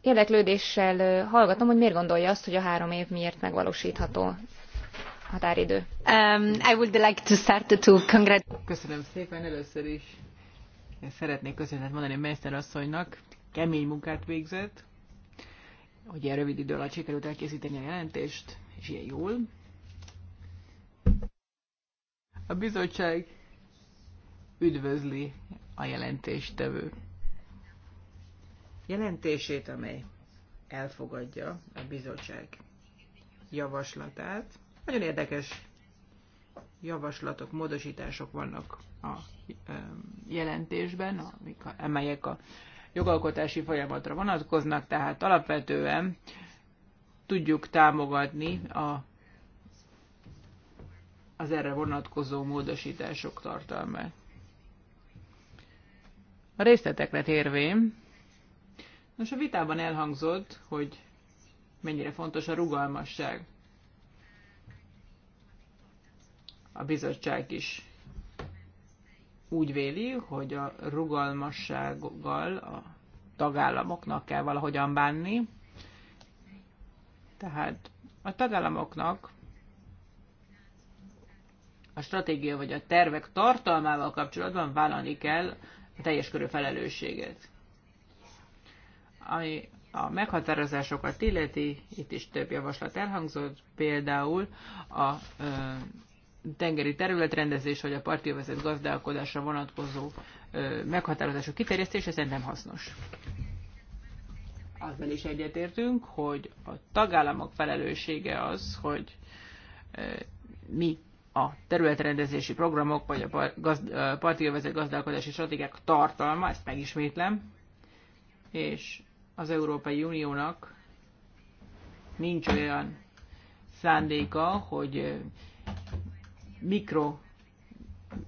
Érdeklődéssel hallgatom, hogy miért gondolja azt, hogy a három év miért megvalósítható határidő. Um, I would like to start to congrat-
Köszönöm szépen először is. Szeretnék köszönetet mondani Mester asszonynak. Kemény munkát végzett hogy ilyen rövid idő alatt sikerült elkészíteni a jelentést, és ilyen jól. A bizottság üdvözli a jelentéstevő jelentését, amely elfogadja a bizottság javaslatát. Nagyon érdekes javaslatok, módosítások vannak a jelentésben, amelyek a jogalkotási folyamatra vonatkoznak, tehát alapvetően tudjuk támogatni a, az erre vonatkozó módosítások tartalmát. A részletekre térvén, most a vitában elhangzott, hogy mennyire fontos a rugalmasság. A bizottság is úgy véli, hogy a rugalmassággal a tagállamoknak kell valahogyan bánni. Tehát a tagállamoknak a stratégia vagy a tervek tartalmával kapcsolatban vállalni kell a teljes körű felelősséget. Ami a meghatározásokat illeti, itt is több javaslat elhangzott, például a tengeri területrendezés vagy a partjövezet gazdálkodásra vonatkozó meghatározások kiterjesztése szerintem hasznos. Azzal is egyetértünk, hogy a tagállamok felelőssége az, hogy mi a területrendezési programok vagy a partjövezet gazdálkodási stratégiák tartalma, ezt megismétlem, és az Európai Uniónak nincs olyan szándéka, hogy mikro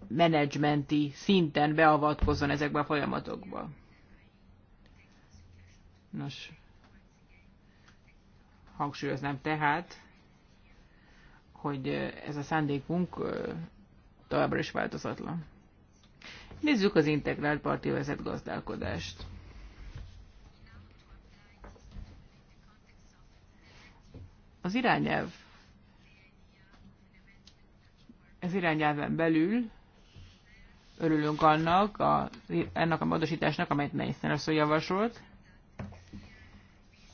menedzsmenti szinten beavatkozzon ezekbe a folyamatokba. Nos, hangsúlyoznám tehát, hogy ez a szándékunk továbbra is változatlan. Nézzük az integrált parti vezet gazdálkodást. Az irányelv az irányelven belül örülünk annak a, ennek a módosításnak, amelyet Meissner azt javasolt.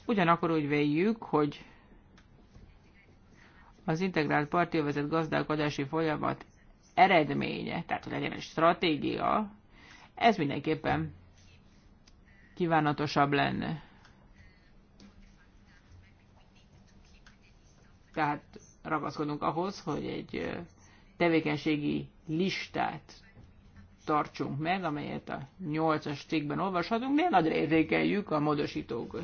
Ugyanakkor úgy véljük, hogy az integrált partiövezet gazdálkodási folyamat eredménye, tehát hogy legyen egy stratégia, ez mindenképpen kívánatosabb lenne. Tehát ragaszkodunk ahhoz, hogy egy tevékenységi listát tartsunk meg, amelyet a 8-as cikkben olvashatunk, miért nagyra érzékeljük a modosítók,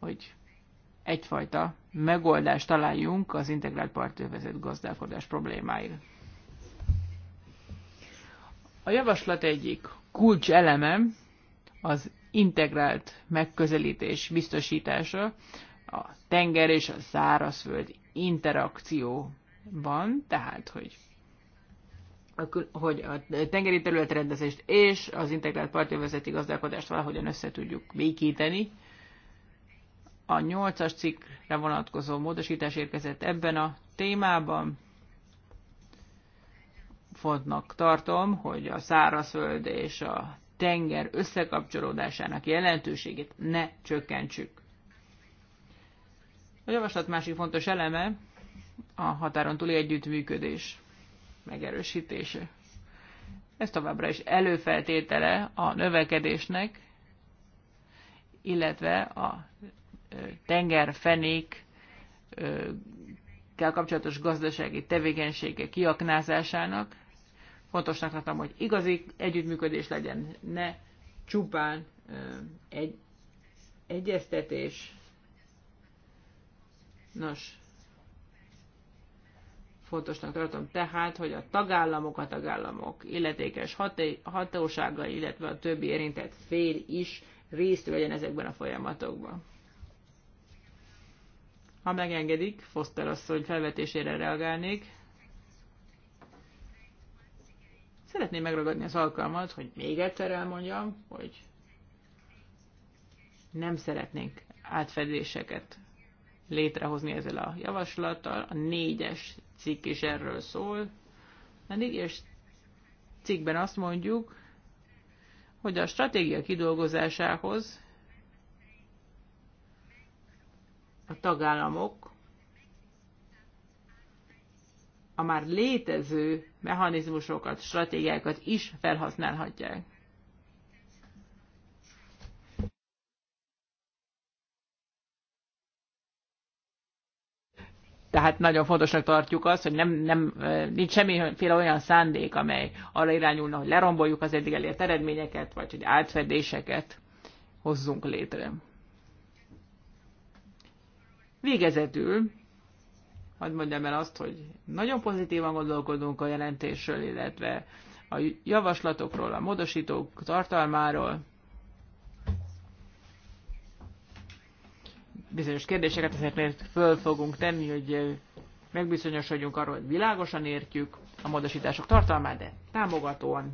hogy egyfajta megoldást találjunk az integrált partővezet gazdálkodás problémáira. A javaslat egyik kulcs eleme az integrált megközelítés biztosítása, a tenger és a szárazföld interakció van, tehát hogy a, hogy a tengeri területrendezést és az integrált partjövezeti gazdálkodást valahogyan össze tudjuk békíteni. A 8-as cikkre vonatkozó módosítás érkezett ebben a témában. Fontnak tartom, hogy a szárazföld és a tenger összekapcsolódásának jelentőségét ne csökkentsük. A javaslat másik fontos eleme, a határon túli együttműködés megerősítése. Ez továbbra is előfeltétele a növekedésnek, illetve a tengerfenék kell kapcsolatos gazdasági tevékenysége kiaknázásának. Fontosnak tartom, hogy igazi együttműködés legyen, ne csupán egy, egyeztetés. Nos, Fontosnak tartom tehát, hogy a tagállamok, a tagállamok illetékes hatósága, illetve a többi érintett fél is részt vegyen ezekben a folyamatokban. Ha megengedik, Foster asszony felvetésére reagálnék. Szeretném megragadni az alkalmat, hogy még egyszer elmondjam, hogy nem szeretnénk átfedéseket létrehozni ezzel a javaslattal. A négyes cikk is erről szól. A négyes cikkben azt mondjuk, hogy a stratégia kidolgozásához a tagállamok a már létező mechanizmusokat, stratégiákat is felhasználhatják. Tehát nagyon fontosnak tartjuk azt, hogy nem, nem, nincs semmiféle olyan szándék, amely arra irányulna, hogy leromboljuk az eddig elért eredményeket, vagy hogy átfedéseket hozzunk létre. Végezetül, hadd mondjam el azt, hogy nagyon pozitívan gondolkodunk a jelentésről, illetve a javaslatokról, a módosítók tartalmáról, bizonyos kérdéseket ezekért föl fogunk tenni, hogy megbizonyosodjunk arról, hogy világosan értjük a módosítások tartalmát, de támogatóan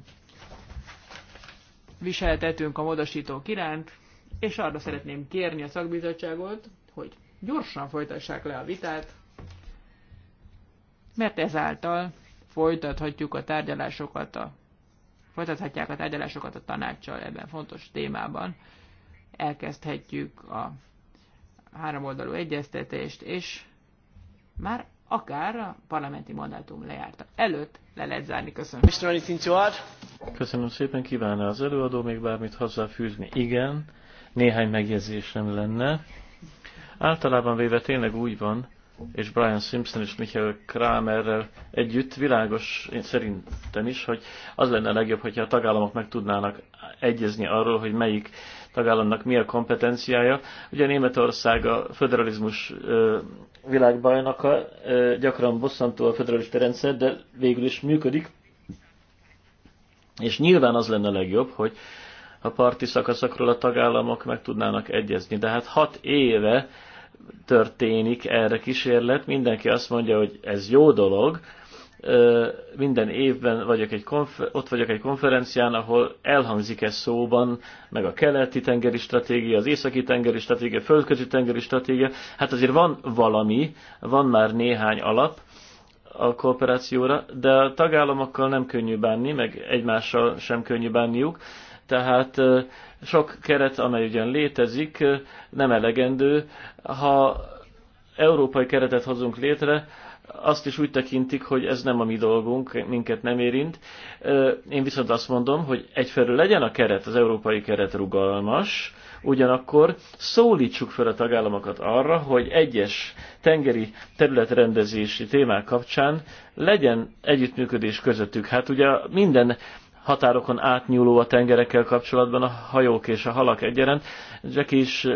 viseltetünk a módosítók iránt, és arra szeretném kérni a szakbizottságot, hogy gyorsan folytassák le a vitát, mert ezáltal folytathatjuk a tárgyalásokat a folytathatják a tárgyalásokat a tanácssal ebben fontos témában. Elkezdhetjük a háromoldalú egyeztetést, és már akár a parlamenti mandátum lejárta előtt le lehet zárni.
Köszönöm. Köszönöm szépen, kívánna az előadó még bármit hozzáfűzni? Igen, néhány megjegyzésem lenne. Általában véve tényleg úgy van, és Brian Simpson és Michael Kramerrel együtt világos, én szerintem is, hogy az lenne a legjobb, hogyha a tagállamok meg tudnának egyezni arról, hogy melyik tagállamnak mi a kompetenciája. Ugye Németország a föderalizmus világbajnoka, gyakran bosszantó a föderalista rendszer, de végül is működik. És nyilván az lenne a legjobb, hogy a parti szakaszokról a tagállamok meg tudnának egyezni. De hát hat éve történik erre kísérlet. Mindenki azt mondja, hogy ez jó dolog. Minden évben vagyok egy konfer- ott vagyok egy konferencián, ahol elhangzik ez szóban, meg a keleti tengeri stratégia, az északi tengeri stratégia, a földközi tengeri stratégia. Hát azért van valami, van már néhány alap a kooperációra, de a tagállamokkal nem könnyű bánni, meg egymással sem könnyű bánniuk tehát sok keret, amely ugyan létezik, nem elegendő. Ha európai keretet hozunk létre, azt is úgy tekintik, hogy ez nem a mi dolgunk, minket nem érint. Én viszont azt mondom, hogy egyfelől legyen a keret, az európai keret rugalmas, ugyanakkor szólítsuk fel a tagállamokat arra, hogy egyes tengeri területrendezési témák kapcsán legyen együttműködés közöttük. Hát ugye minden határokon átnyúló a tengerekkel kapcsolatban a hajók és a halak egyaránt. Jack is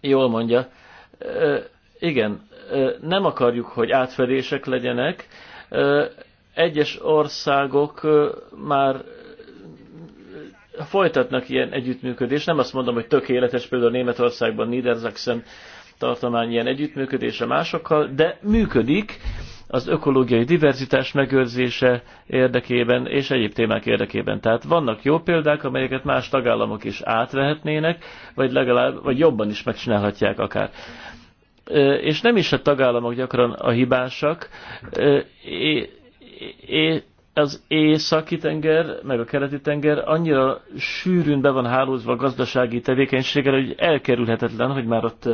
jól mondja, igen, nem akarjuk, hogy átfedések legyenek. Egyes országok már folytatnak ilyen együttműködést. Nem azt mondom, hogy tökéletes, például Németországban, Niedersachsen tartomány ilyen együttműködése másokkal, de működik az ökológiai diverzitás megőrzése érdekében és egyéb témák érdekében. Tehát vannak jó példák, amelyeket más tagállamok is átvehetnének, vagy legalább, vagy jobban is megcsinálhatják akár. És nem is a tagállamok gyakran a hibásak. Az északi tenger, meg a keleti tenger annyira sűrűn be van hálózva a gazdasági tevékenységgel, hogy elkerülhetetlen, hogy már ott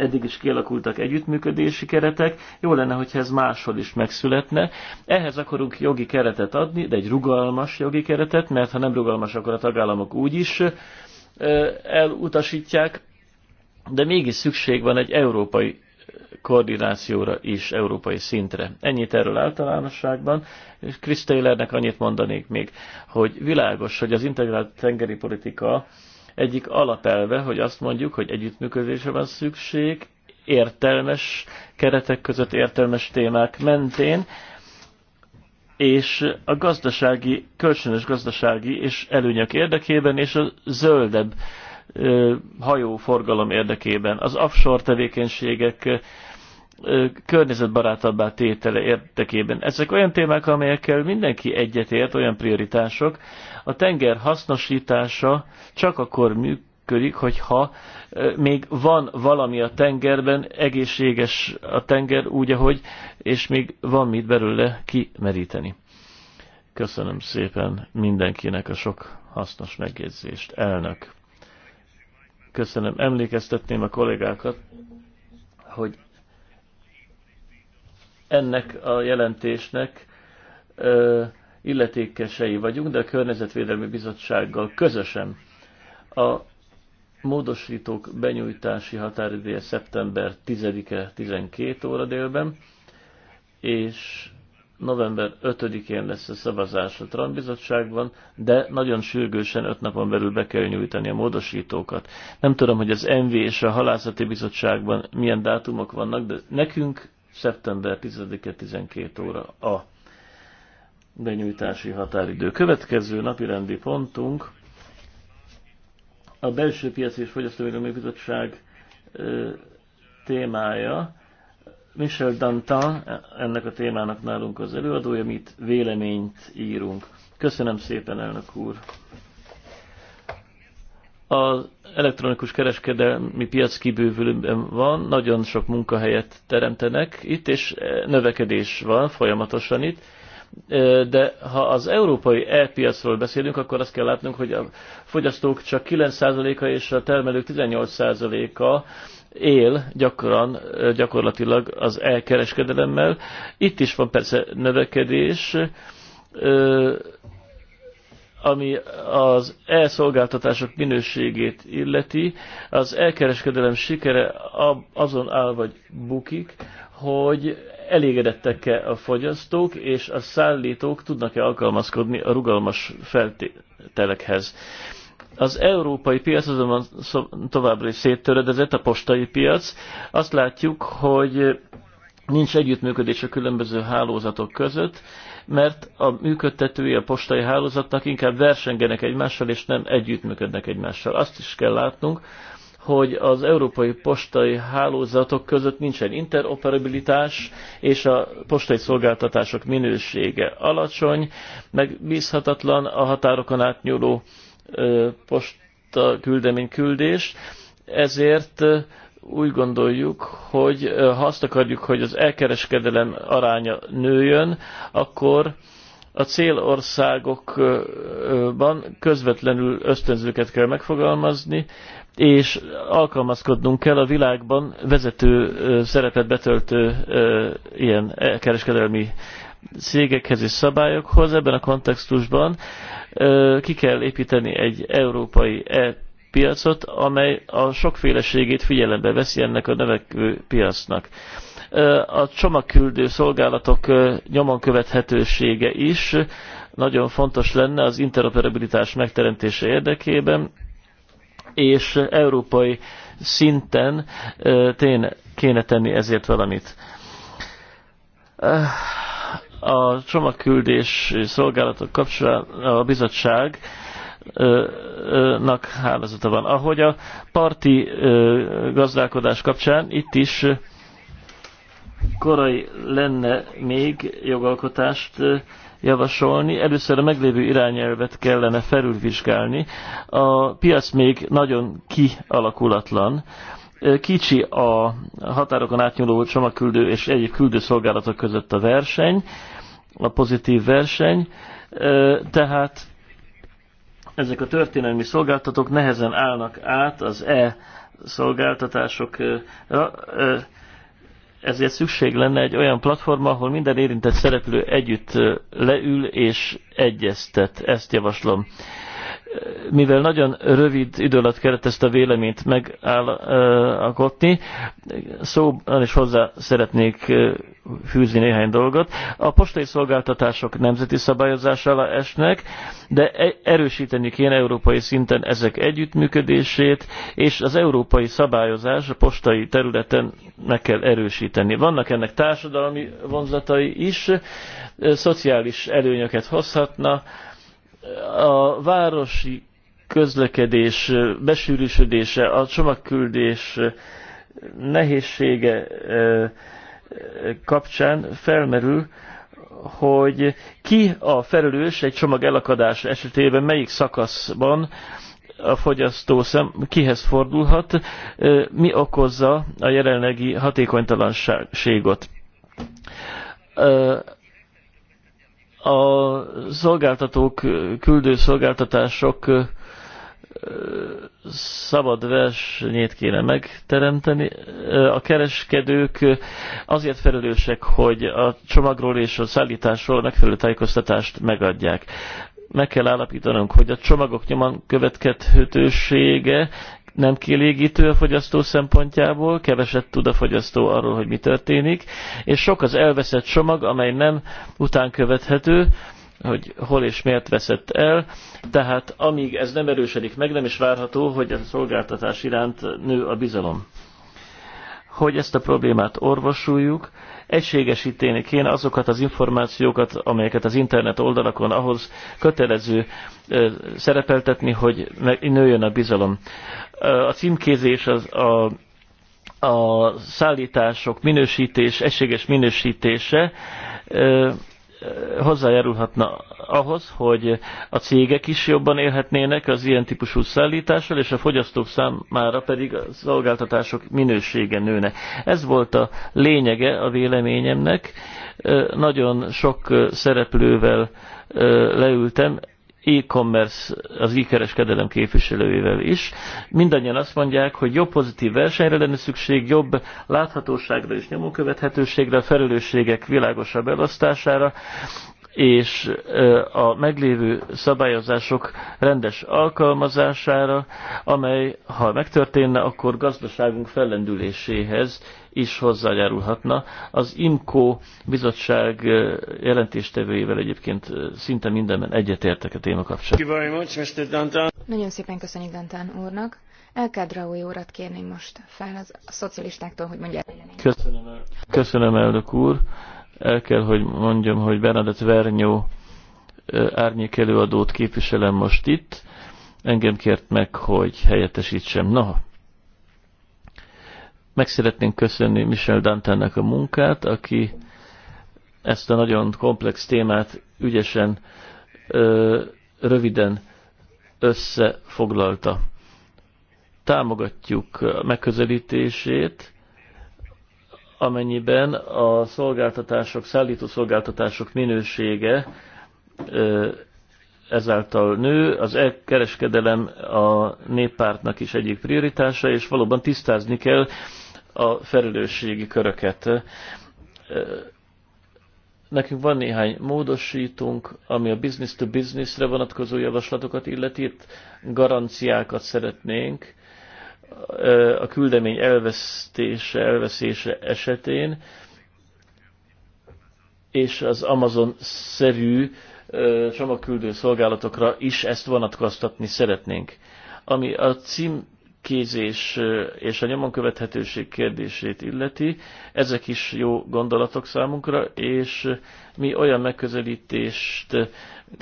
eddig is kialakultak együttműködési keretek, jó lenne, hogyha ez máshol is megszületne. Ehhez akarunk jogi keretet adni, de egy rugalmas jogi keretet, mert ha nem rugalmas, akkor a tagállamok úgy is elutasítják, de mégis szükség van egy európai koordinációra is európai szintre. Ennyit erről általánosságban, és Chris Taylornek annyit mondanék még, hogy világos, hogy az integrált tengeri politika egyik alapelve, hogy azt mondjuk, hogy együttműködésre van szükség, értelmes keretek között, értelmes témák mentén, és a gazdasági, kölcsönös gazdasági és előnyök érdekében, és a zöldebb hajóforgalom érdekében, az offshore tevékenységek környezetbarátabbá tétele érdekében. Ezek olyan témák, amelyekkel mindenki egyetért, olyan prioritások. A tenger hasznosítása csak akkor működik, hogyha még van valami a tengerben, egészséges a tenger úgy, ahogy, és még van mit belőle kimeríteni. Köszönöm szépen mindenkinek a sok hasznos megjegyzést. Elnök. Köszönöm. Emlékeztetném a kollégákat, hogy ennek a jelentésnek ö, illetékesei vagyunk, de a Környezetvédelmi Bizottsággal közösen. A módosítók benyújtási határideje szeptember 10-e 12 óra délben, és november 5-én lesz a szavazás a Trump bizottságban, de nagyon sürgősen 5 napon belül be kell nyújtani a módosítókat. Nem tudom, hogy az MV és a halászati bizottságban milyen dátumok vannak, de nekünk szeptember 10-e 12 óra a benyújtási határidő. Következő napirendi pontunk a Belső Piac és Fogyasztóvédelmi Bizottság témája. Michel Dantin ennek a témának nálunk az előadója, mit véleményt írunk. Köszönöm szépen, elnök úr! Az elektronikus kereskedelmi piac kibővülőben van, nagyon sok munkahelyet teremtenek itt, és e, növekedés van folyamatosan itt e, de ha az európai e-piacról beszélünk, akkor azt kell látnunk, hogy a fogyasztók csak 9%-a és a termelők 18%-a él gyakran, e, gyakorlatilag az e-kereskedelemmel. Itt is van persze növekedés, ami az elszolgáltatások minőségét illeti, az elkereskedelem sikere azon áll vagy bukik, hogy elégedettek-e a fogyasztók és a szállítók tudnak-e alkalmazkodni a rugalmas feltételekhez. Az európai piac azonban továbbra is széttöredezett, a postai piac. Azt látjuk, hogy nincs együttműködés a különböző hálózatok között, mert a működtetői a postai hálózatnak inkább versengenek egymással, és nem együttműködnek egymással. Azt is kell látnunk, hogy az európai postai hálózatok között nincsen interoperabilitás, és a postai szolgáltatások minősége alacsony, meg bízhatatlan a határokon átnyúló posta küldemény küldés, ezért úgy gondoljuk, hogy ha azt akarjuk, hogy az elkereskedelem aránya nőjön, akkor a célországokban közvetlenül ösztönzőket kell megfogalmazni, és alkalmazkodnunk kell a világban vezető szerepet betöltő ilyen kereskedelmi szégekhez és szabályokhoz. Ebben a kontextusban ki kell építeni egy európai e piacot, amely a sokféleségét figyelembe veszi ennek a növekvő piacnak. A csomagküldő szolgálatok nyomon követhetősége is nagyon fontos lenne az interoperabilitás megteremtése érdekében, és európai szinten tény, kéne tenni ezért valamit. A csomagküldés szolgálatok kapcsán a bizottság nak hálózata van. Ahogy a parti gazdálkodás kapcsán itt is korai lenne még jogalkotást javasolni. Először a meglévő irányelvet kellene felülvizsgálni. A piac még nagyon kialakulatlan. Kicsi a határokon átnyúló csomagküldő és egyéb küldőszolgálatok között a verseny, a pozitív verseny, tehát ezek a történelmi szolgáltatók nehezen állnak át az e szolgáltatásokra, ezért szükség lenne egy olyan platform, ahol minden érintett szereplő együtt leül és egyeztet. Ezt javaslom mivel nagyon rövid idő alatt kellett ezt a véleményt megalkotni, szóban is hozzá szeretnék fűzni néhány dolgot. A postai szolgáltatások nemzeti szabályozás alá esnek, de e, erősíteni kéne európai szinten ezek együttműködését, és az európai szabályozás a postai területen meg kell erősíteni. Vannak ennek társadalmi vonzatai is, szociális előnyöket hozhatna, a városi közlekedés besűrűsödése, a csomagküldés nehézsége kapcsán felmerül, hogy ki a felelős egy csomag elakadás esetében, melyik szakaszban a fogyasztó szem, kihez fordulhat, mi okozza a jelenlegi hatékonytalanságot a szolgáltatók, küldő szolgáltatások szabad versenyét kéne megteremteni. A kereskedők azért felelősek, hogy a csomagról és a szállításról a megfelelő tájékoztatást megadják. Meg kell állapítanunk, hogy a csomagok nyomon következhetősége nem kielégítő a fogyasztó szempontjából, keveset tud a fogyasztó arról, hogy mi történik, és sok az elveszett csomag, amely nem utánkövethető, hogy hol és miért veszett el, tehát amíg ez nem erősödik meg, nem is várható, hogy a szolgáltatás iránt nő a bizalom. Hogy ezt a problémát orvosuljuk, egységesíteni kéne azokat az információkat, amelyeket az internet oldalakon ahhoz kötelező szerepeltetni, hogy nőjön a bizalom. A címkézés az a a szállítások minősítés, egységes minősítése hozzájárulhatna ahhoz, hogy a cégek is jobban élhetnének az ilyen típusú szállítással, és a fogyasztók számára pedig a szolgáltatások minősége nőne. Ez volt a lényege a véleményemnek. Nagyon sok szereplővel leültem, e-commerce, az e-kereskedelem képviselőjével is. Mindannyian azt mondják, hogy jobb pozitív versenyre lenne szükség, jobb láthatóságra és nyomókövethetőségre, a felelősségek világosabb elosztására, és a meglévő szabályozások rendes alkalmazására, amely, ha megtörténne, akkor gazdaságunk fellendüléséhez is hozzájárulhatna. Az IMCO bizottság jelentéstevőjével egyébként szinte mindenben egyetértek a téma kapcsán.
Nagyon szépen köszönjük Dantán úrnak. Elkádraúj urat kérni most fel az, a szocialistáktól, hogy mondja
Köszönöm, köszönöm elnök úr. El kell, hogy mondjam, hogy Bernadett Vernyó árnyék előadót képviselem most itt. Engem kért meg, hogy helyettesítsem. Na, meg szeretnénk köszönni Michel Dantának a munkát, aki ezt a nagyon komplex témát ügyesen, ö, röviden összefoglalta. Támogatjuk a megközelítését, amennyiben a szolgáltatások, szállító szolgáltatások minősége ö, ezáltal nő, az e-kereskedelem a néppártnak is egyik prioritása, és valóban tisztázni kell, a felelősségi köröket. Nekünk van néhány módosítunk, ami a business to businessre vonatkozó javaslatokat illeti. Itt garanciákat szeretnénk a küldemény elvesztése, elveszése esetén, és az Amazon-szerű csomagküldő szolgálatokra is ezt vonatkoztatni szeretnénk. Ami a cím kézés és a nyomon követhetőség kérdését illeti. Ezek is jó gondolatok számunkra, és mi olyan megközelítést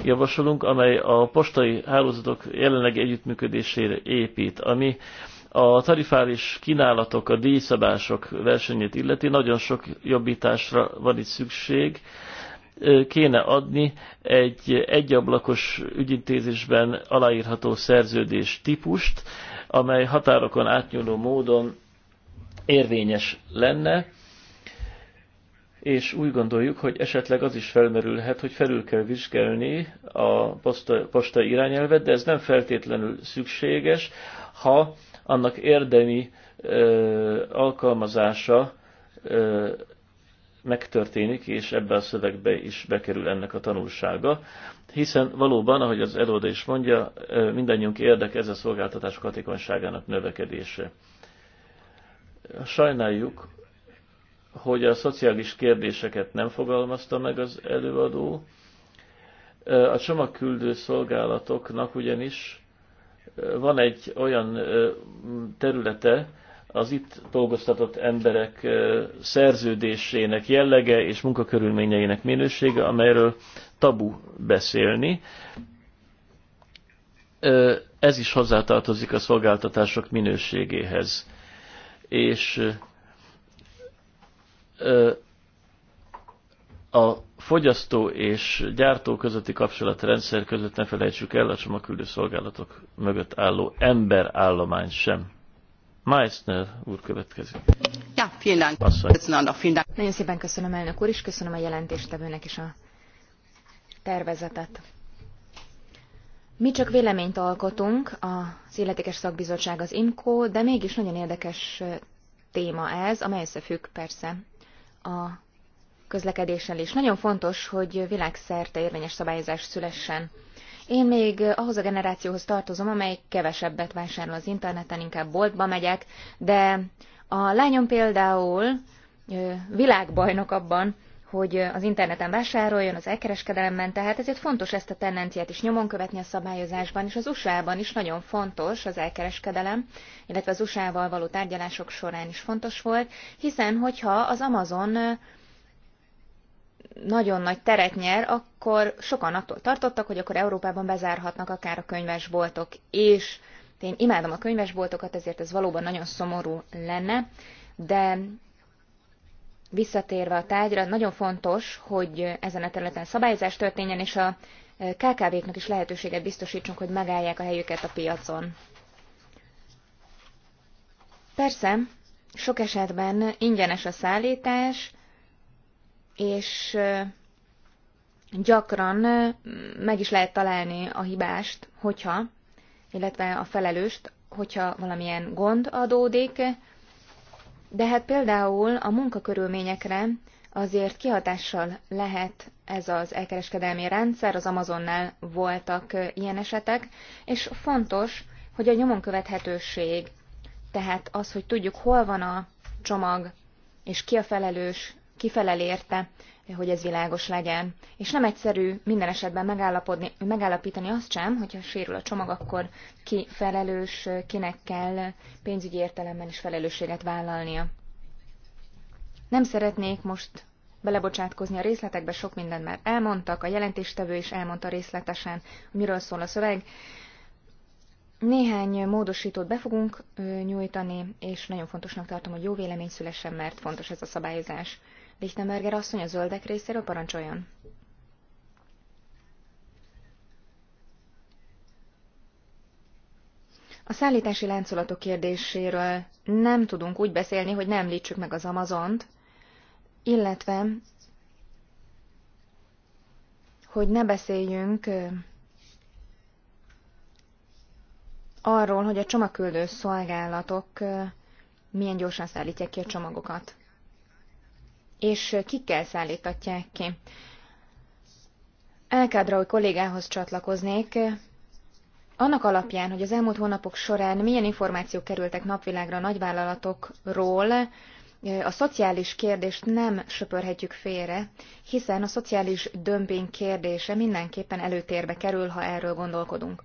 javasolunk, amely a postai hálózatok jelenleg együttműködésére épít, ami a tarifális kínálatok, a díjszabások versenyét illeti, nagyon sok jobbításra van itt szükség. Kéne adni egy egyablakos ügyintézésben aláírható szerződés típust, amely határokon átnyúló módon érvényes lenne, és úgy gondoljuk, hogy esetleg az is felmerülhet, hogy felül kell vizsgálni a posta, posta irányelvet, de ez nem feltétlenül szükséges, ha annak érdemi ö, alkalmazása ö, megtörténik, és ebbe a szövegbe is bekerül ennek a tanulsága, hiszen valóban, ahogy az előadó is mondja, mindannyiunk érdek ez a szolgáltatás hatékonyságának növekedése. Sajnáljuk, hogy a szociális kérdéseket nem fogalmazta meg az előadó. A csomagküldő szolgálatoknak ugyanis van egy olyan területe, az itt dolgoztatott emberek szerződésének jellege és munkakörülményeinek minősége, amelyről tabu beszélni. Ez is hozzátartozik a szolgáltatások minőségéhez. És a fogyasztó és gyártó közötti kapcsolatrendszer között ne felejtsük el a csomagküldő szolgálatok mögött álló emberállomány sem. Meissner úr következik. Ja, vielen
Dank. Nagyon szépen köszönöm elnök úr, és köszönöm a jelentéstevőnek is a tervezetet. Mi csak véleményt alkotunk, az illetékes szakbizottság az IMCO, de mégis nagyon érdekes téma ez, amely összefügg persze a közlekedéssel is. Nagyon fontos, hogy világszerte érvényes szabályozás szülessen én még eh, ahhoz a generációhoz tartozom, amely kevesebbet vásárol az interneten, inkább boltba megyek, de a lányom például eh, világbajnok abban, hogy eh, az interneten vásároljon, az elkereskedelemben, tehát ezért fontos ezt a tendenciát is nyomon követni a szabályozásban, és az USA-ban is nagyon fontos az elkereskedelem, illetve az USA-val való tárgyalások során is fontos volt, hiszen hogyha az Amazon nagyon nagy teret nyer, akkor sokan attól tartottak, hogy akkor Európában bezárhatnak akár a könyvesboltok és Én imádom a könyvesboltokat, ezért ez valóban nagyon szomorú lenne, de visszatérve a tárgyra, nagyon fontos, hogy ezen a területen szabályozás történjen, és a KKV-knak is lehetőséget biztosítsunk, hogy megállják a helyüket a piacon. Persze, sok esetben ingyenes a szállítás, és gyakran meg is lehet találni a hibást, hogyha, illetve a felelőst, hogyha valamilyen gond adódik, de hát például a munkakörülményekre azért kihatással lehet ez az elkereskedelmi rendszer, az Amazonnál voltak ilyen esetek, és fontos, hogy a nyomon követhetőség, tehát az, hogy tudjuk, hol van a csomag, és ki a felelős, kifelel érte, hogy ez világos legyen. És nem egyszerű minden esetben megállapítani azt sem, hogyha sérül a csomag, akkor ki felelős, kinek kell pénzügyi értelemben is felelősséget vállalnia. Nem szeretnék most belebocsátkozni a részletekbe, sok mindent már elmondtak, a jelentéstevő is elmondta részletesen, hogy miről szól a szöveg. Néhány módosítót be fogunk nyújtani, és nagyon fontosnak tartom, hogy jó vélemény szülessen, mert fontos ez a szabályozás. Lichtenberger asszony a zöldek részéről parancsoljon. A szállítási láncolatok kérdéséről nem tudunk úgy beszélni, hogy nem említsük meg az Amazont, illetve hogy ne beszéljünk arról, hogy a csomagküldő szolgálatok milyen gyorsan szállítják ki a csomagokat és kikkel szállítatják ki. Elkádraui kollégához csatlakoznék. Annak alapján, hogy az elmúlt hónapok során milyen információk kerültek napvilágra a nagyvállalatokról, a szociális kérdést nem söpörhetjük félre, hiszen a szociális dömping kérdése mindenképpen előtérbe kerül, ha erről gondolkodunk.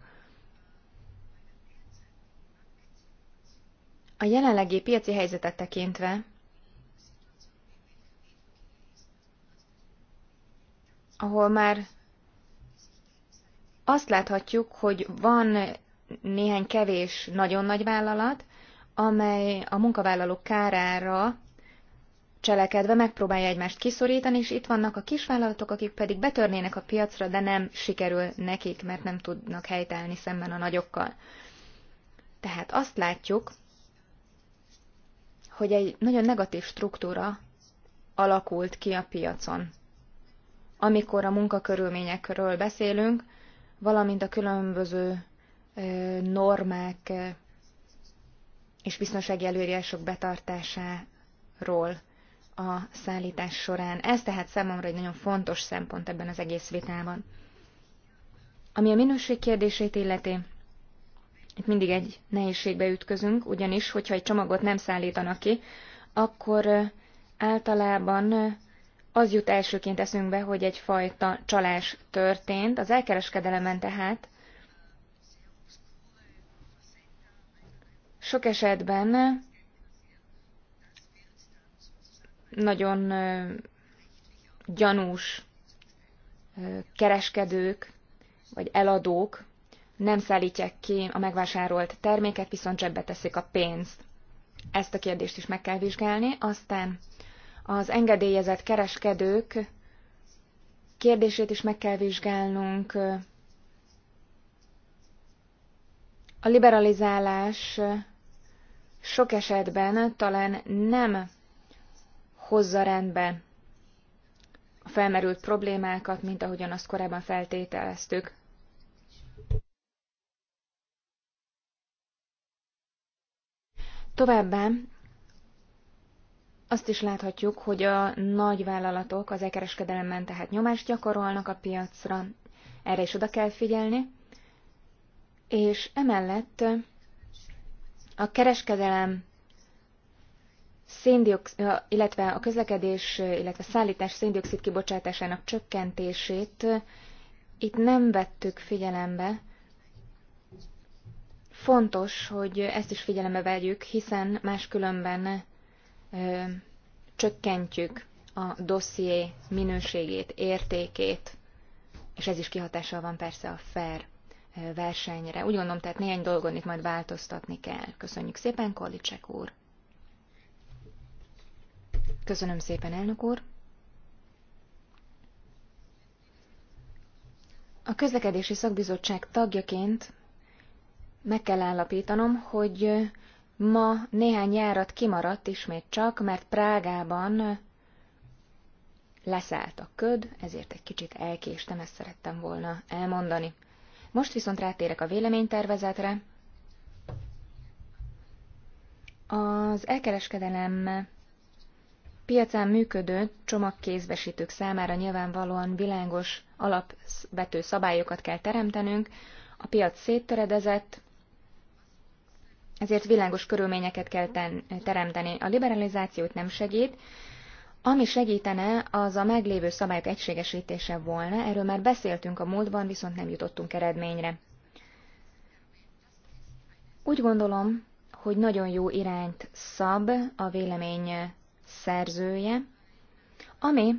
A jelenlegi piaci helyzetet tekintve ahol már azt láthatjuk, hogy van néhány kevés nagyon nagy vállalat, amely a munkavállalók kárára cselekedve megpróbálja egymást kiszorítani, és itt vannak a kisvállalatok, akik pedig betörnének a piacra, de nem sikerül nekik, mert nem tudnak helytállni szemben a nagyokkal. Tehát azt látjuk, hogy egy nagyon negatív struktúra alakult ki a piacon amikor a munkakörülményekről beszélünk, valamint a különböző normák és biztonsági előírások betartásáról a szállítás során. Ez tehát számomra egy nagyon fontos szempont ebben az egész vitában. Ami a minőség kérdését illeti, itt mindig egy nehézségbe ütközünk, ugyanis, hogyha egy csomagot nem szállítanak ki, akkor általában az jut elsőként eszünkbe, hogy egyfajta csalás történt. Az elkereskedelemen tehát sok esetben nagyon gyanús kereskedők vagy eladók nem szállítják ki a megvásárolt terméket, viszont zsebbe teszik a pénzt. Ezt a kérdést is meg kell vizsgálni, aztán az engedélyezett kereskedők kérdését is meg kell vizsgálnunk. A liberalizálás sok esetben talán nem hozza rendbe a felmerült problémákat, mint ahogyan azt korábban feltételeztük. Továbbá azt is láthatjuk, hogy a nagy vállalatok az elkereskedelemben tehát nyomást gyakorolnak a piacra, erre is oda kell figyelni, és emellett a kereskedelem illetve a közlekedés, illetve szállítás széndiokszid kibocsátásának csökkentését itt nem vettük figyelembe. Fontos, hogy ezt is figyelembe vegyük, hiszen máskülönben csökkentjük a dosszié minőségét, értékét, és ez is kihatással van persze a fair versenyre. Úgy gondolom, tehát néhány dolgon itt majd változtatni kell. Köszönjük szépen, Kolicek úr! Köszönöm szépen, elnök úr! A közlekedési szakbizottság tagjaként meg kell állapítanom, hogy Ma néhány járat kimaradt ismét csak, mert Prágában leszállt a köd, ezért egy kicsit elkéstem, ezt szerettem volna elmondani. Most viszont rátérek a véleménytervezetre. Az elkereskedelem piacán működő csomagkézbesítők számára nyilvánvalóan világos alapvető szabályokat kell teremtenünk, a piac széttöredezett, ezért világos körülményeket kell ten, teremteni. A liberalizációt nem segít, ami segítene, az a meglévő szabályok egységesítése volna, erről már beszéltünk a múltban, viszont nem jutottunk eredményre. Úgy gondolom, hogy nagyon jó irányt szab a vélemény szerzője, ami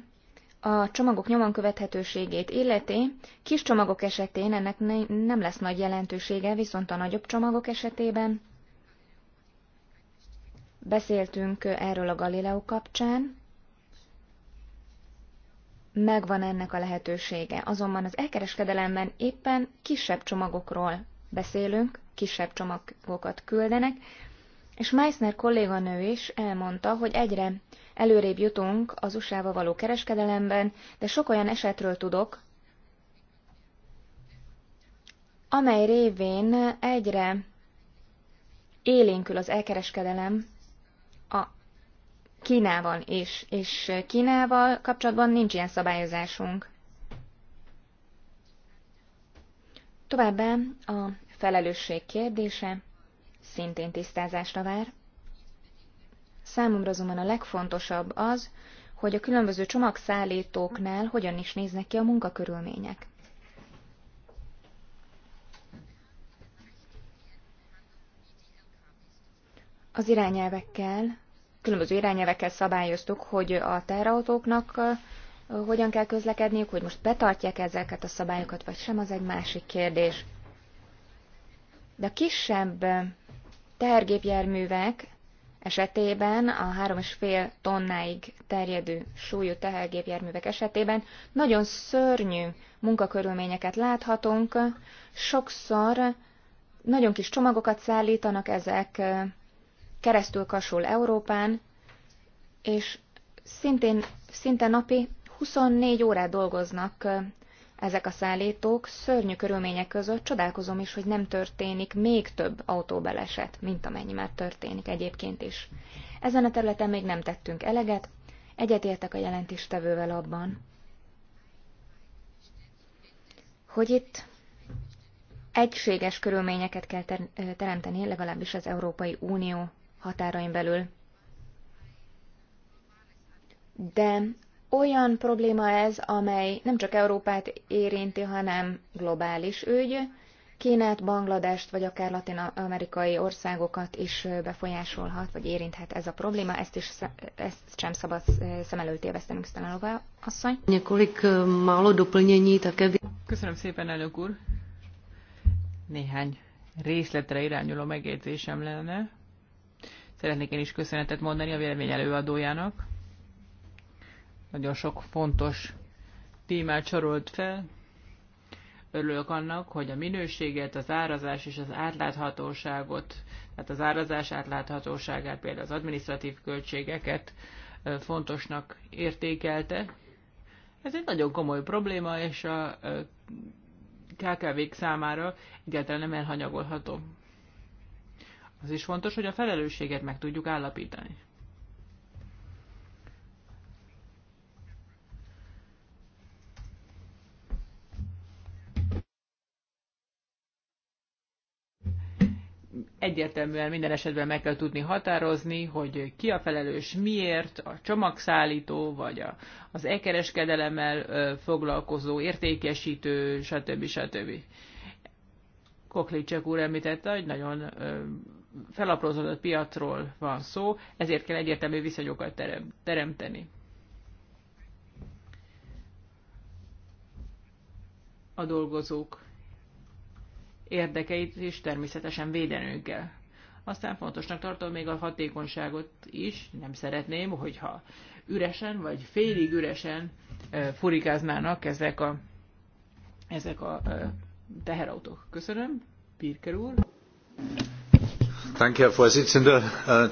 a csomagok nyomon követhetőségét illeti, kis csomagok esetén ennek nem lesz nagy jelentősége, viszont a nagyobb csomagok esetében Beszéltünk erről a Galileo kapcsán, megvan ennek a lehetősége. Azonban az elkereskedelemben éppen kisebb csomagokról beszélünk, kisebb csomagokat küldenek, és Meissner kolléganő is elmondta, hogy egyre előrébb jutunk az usa való kereskedelemben, de sok olyan esetről tudok, amely révén egyre élénkül az elkereskedelem Kínával is, és Kínával kapcsolatban nincs ilyen szabályozásunk. Továbbá a felelősség kérdése szintén tisztázásra vár. Számomra azonban a legfontosabb az, hogy a különböző csomagszállítóknál hogyan is néznek ki a munkakörülmények. Az irányelvekkel különböző irányelvekkel szabályoztuk, hogy a teherautóknak hogyan kell közlekedniük, hogy most betartják ezeket a szabályokat, vagy sem, az egy másik kérdés. De a kisebb tehergépjárművek esetében, a 3,5 tonnáig terjedő súlyú tehergépjárművek esetében nagyon szörnyű munkakörülményeket láthatunk. Sokszor nagyon kis csomagokat szállítanak ezek, keresztül kasul Európán, és szintén, szinte napi 24 órát dolgoznak ezek a szállítók, szörnyű körülmények között csodálkozom is, hogy nem történik még több autóbeleset, mint amennyi már történik egyébként is. Ezen a területen még nem tettünk eleget, egyetértek a jelentéstevővel abban, hogy itt egységes körülményeket kell teremteni, legalábbis az Európai Unió határain belül. De olyan probléma ez, amely nem csak Európát érinti, hanem globális ügy. Kínát, Bangladest vagy akár latin-amerikai országokat is befolyásolhat, vagy érinthet ez a probléma. Ezt is ezt sem szabad eh, szem előtt évesztenünk, Sztanálová asszony. Několik eh, málo doplnění také. Köszönöm szépen, elnök úr. Néhány
részletre irányuló megjegyzésem lenne. Szeretnék én is köszönetet mondani a vélemény előadójának. Nagyon sok fontos témát sorolt fel. Örülök annak, hogy a minőséget, az árazás és az átláthatóságot, tehát az árazás átláthatóságát, például az administratív költségeket fontosnak értékelte. Ez egy nagyon komoly probléma, és a KKV-k számára egyáltalán nem elhanyagolható. Az is fontos, hogy a felelősséget meg tudjuk állapítani. egyértelműen minden esetben meg kell tudni határozni, hogy ki a felelős miért, a csomagszállító, vagy a, az e-kereskedelemmel foglalkozó, értékesítő, stb. stb. Koklicsek úr említette, hogy nagyon felaprózódott piacról van szó, ezért kell egyértelmű viszonyokat teremteni. A dolgozók érdekeit is természetesen védenünk Aztán fontosnak tartom még a hatékonyságot is, nem szeretném, hogyha üresen vagy félig üresen furikáznának ezek a, ezek a teherautók. Köszönöm, Pirker úr.
Äh,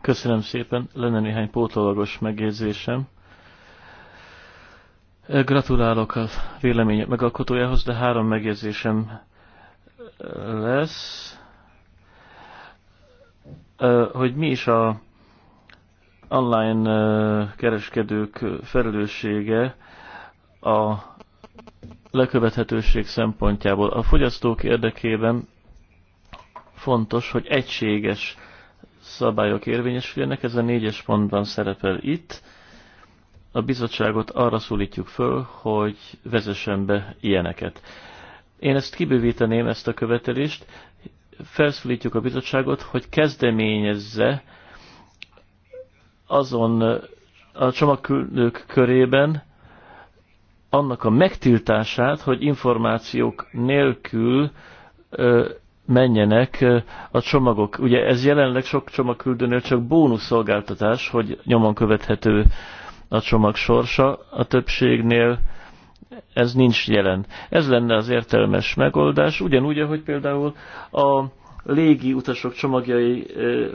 Köszönöm szépen, lenne néhány pótolagos megjegyzésem. Gratulálok a vélemény megalkotójához, de három megjegyzésem lesz, hogy mi is a online kereskedők felelőssége a lekövethetőség szempontjából. A fogyasztók érdekében fontos, hogy egységes szabályok érvényesüljenek, ez a négyes pontban szerepel itt. A bizottságot arra szólítjuk föl, hogy vezessen be ilyeneket. Én ezt kibővíteném, ezt a követelést, felszólítjuk a bizottságot, hogy kezdeményezze azon a csomagküldők körében annak a megtiltását, hogy információk nélkül menjenek a csomagok. Ugye ez jelenleg sok csomagküldőnél csak szolgáltatás, hogy nyomon követhető a csomag sorsa, a többségnél ez nincs jelen. Ez lenne az értelmes megoldás, ugyanúgy, ahogy például a légi utasok csomagjai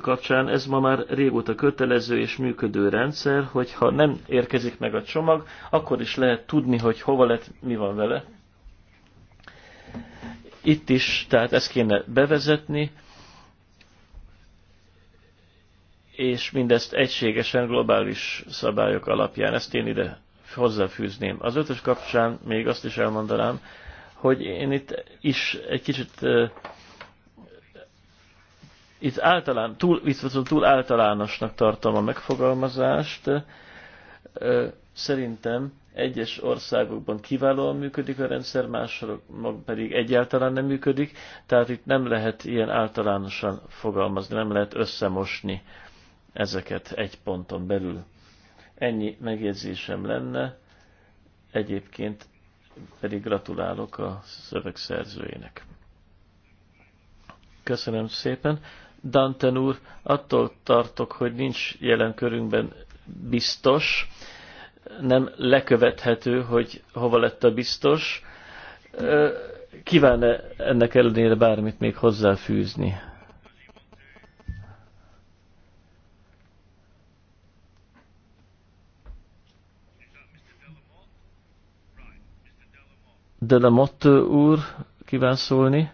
kapcsán ez ma már régóta kötelező és működő rendszer, hogy ha nem érkezik meg a csomag, akkor is lehet tudni, hogy hova lett, mi van vele. Itt is, tehát ezt kéne bevezetni, és mindezt egységesen globális szabályok alapján. Ezt én ide hozzáfűzném. Az ötös kapcsán még azt is elmondanám, hogy én itt is egy kicsit uh, itt, általán, túl, itt viszont túl általánosnak tartom a megfogalmazást. Uh, szerintem egyes országokban kiválóan működik a rendszer, mások pedig egyáltalán nem működik, tehát itt nem lehet ilyen általánosan fogalmazni, nem lehet összemosni ezeket egy ponton belül. Ennyi megjegyzésem lenne, egyébként pedig gratulálok a szöveg szerzőjének. Köszönöm szépen. Danten úr, attól tartok, hogy nincs jelen körünkben biztos, nem lekövethető, hogy hova lett a biztos. Kíván-e ennek ellenére bármit még hozzáfűzni? De Motte úr kíván szólni.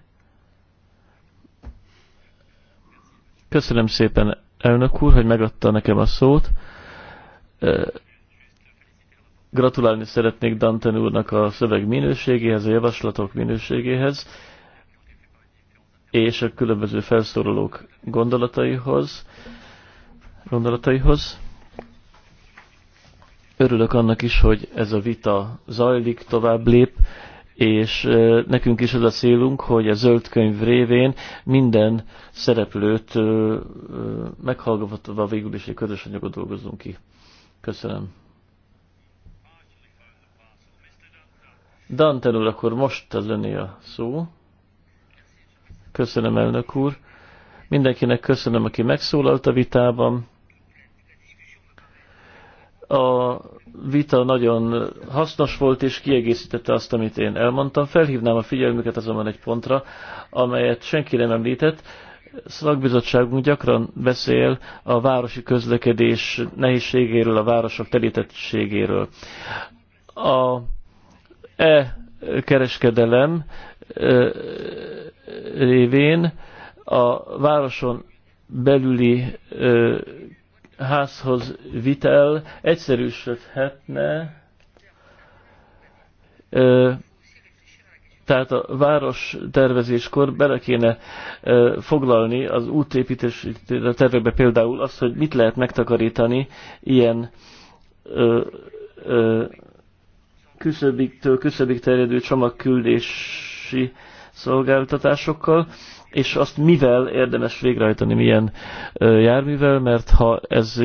Köszönöm szépen, elnök úr, hogy megadta nekem a szót. Gratulálni szeretnék Danten úrnak a szöveg minőségéhez, a javaslatok minőségéhez, és a különböző felszólalók gondolataihoz. gondolataihoz. Örülök annak is, hogy ez a vita zajlik, tovább lép, és nekünk is az a célunk, hogy a zöld könyv révén minden szereplőt meghallgatva végül is egy közös anyagot dolgozzunk ki. Köszönöm. dante úr, akkor most az öné a szó. Köszönöm, elnök úr. Mindenkinek köszönöm, aki megszólalt a vitában. A vita nagyon hasznos volt, és kiegészítette azt, amit én elmondtam. Felhívnám a figyelmüket azonban egy pontra, amelyet senki nem említett. Szakbizottságunk gyakran beszél a városi közlekedés nehézségéről, a városok telítettségéről. A e kereskedelem révén a városon belüli e, házhoz vitel egyszerűsödhetne, e, tehát a város tervezéskor bele kéne e, foglalni az útépítés tervekbe például azt, hogy mit lehet megtakarítani ilyen küszöbiktől küszöbik terjedő csomagküldési szolgáltatásokkal, és azt mivel érdemes végrehajtani, milyen járművel, mert ha ez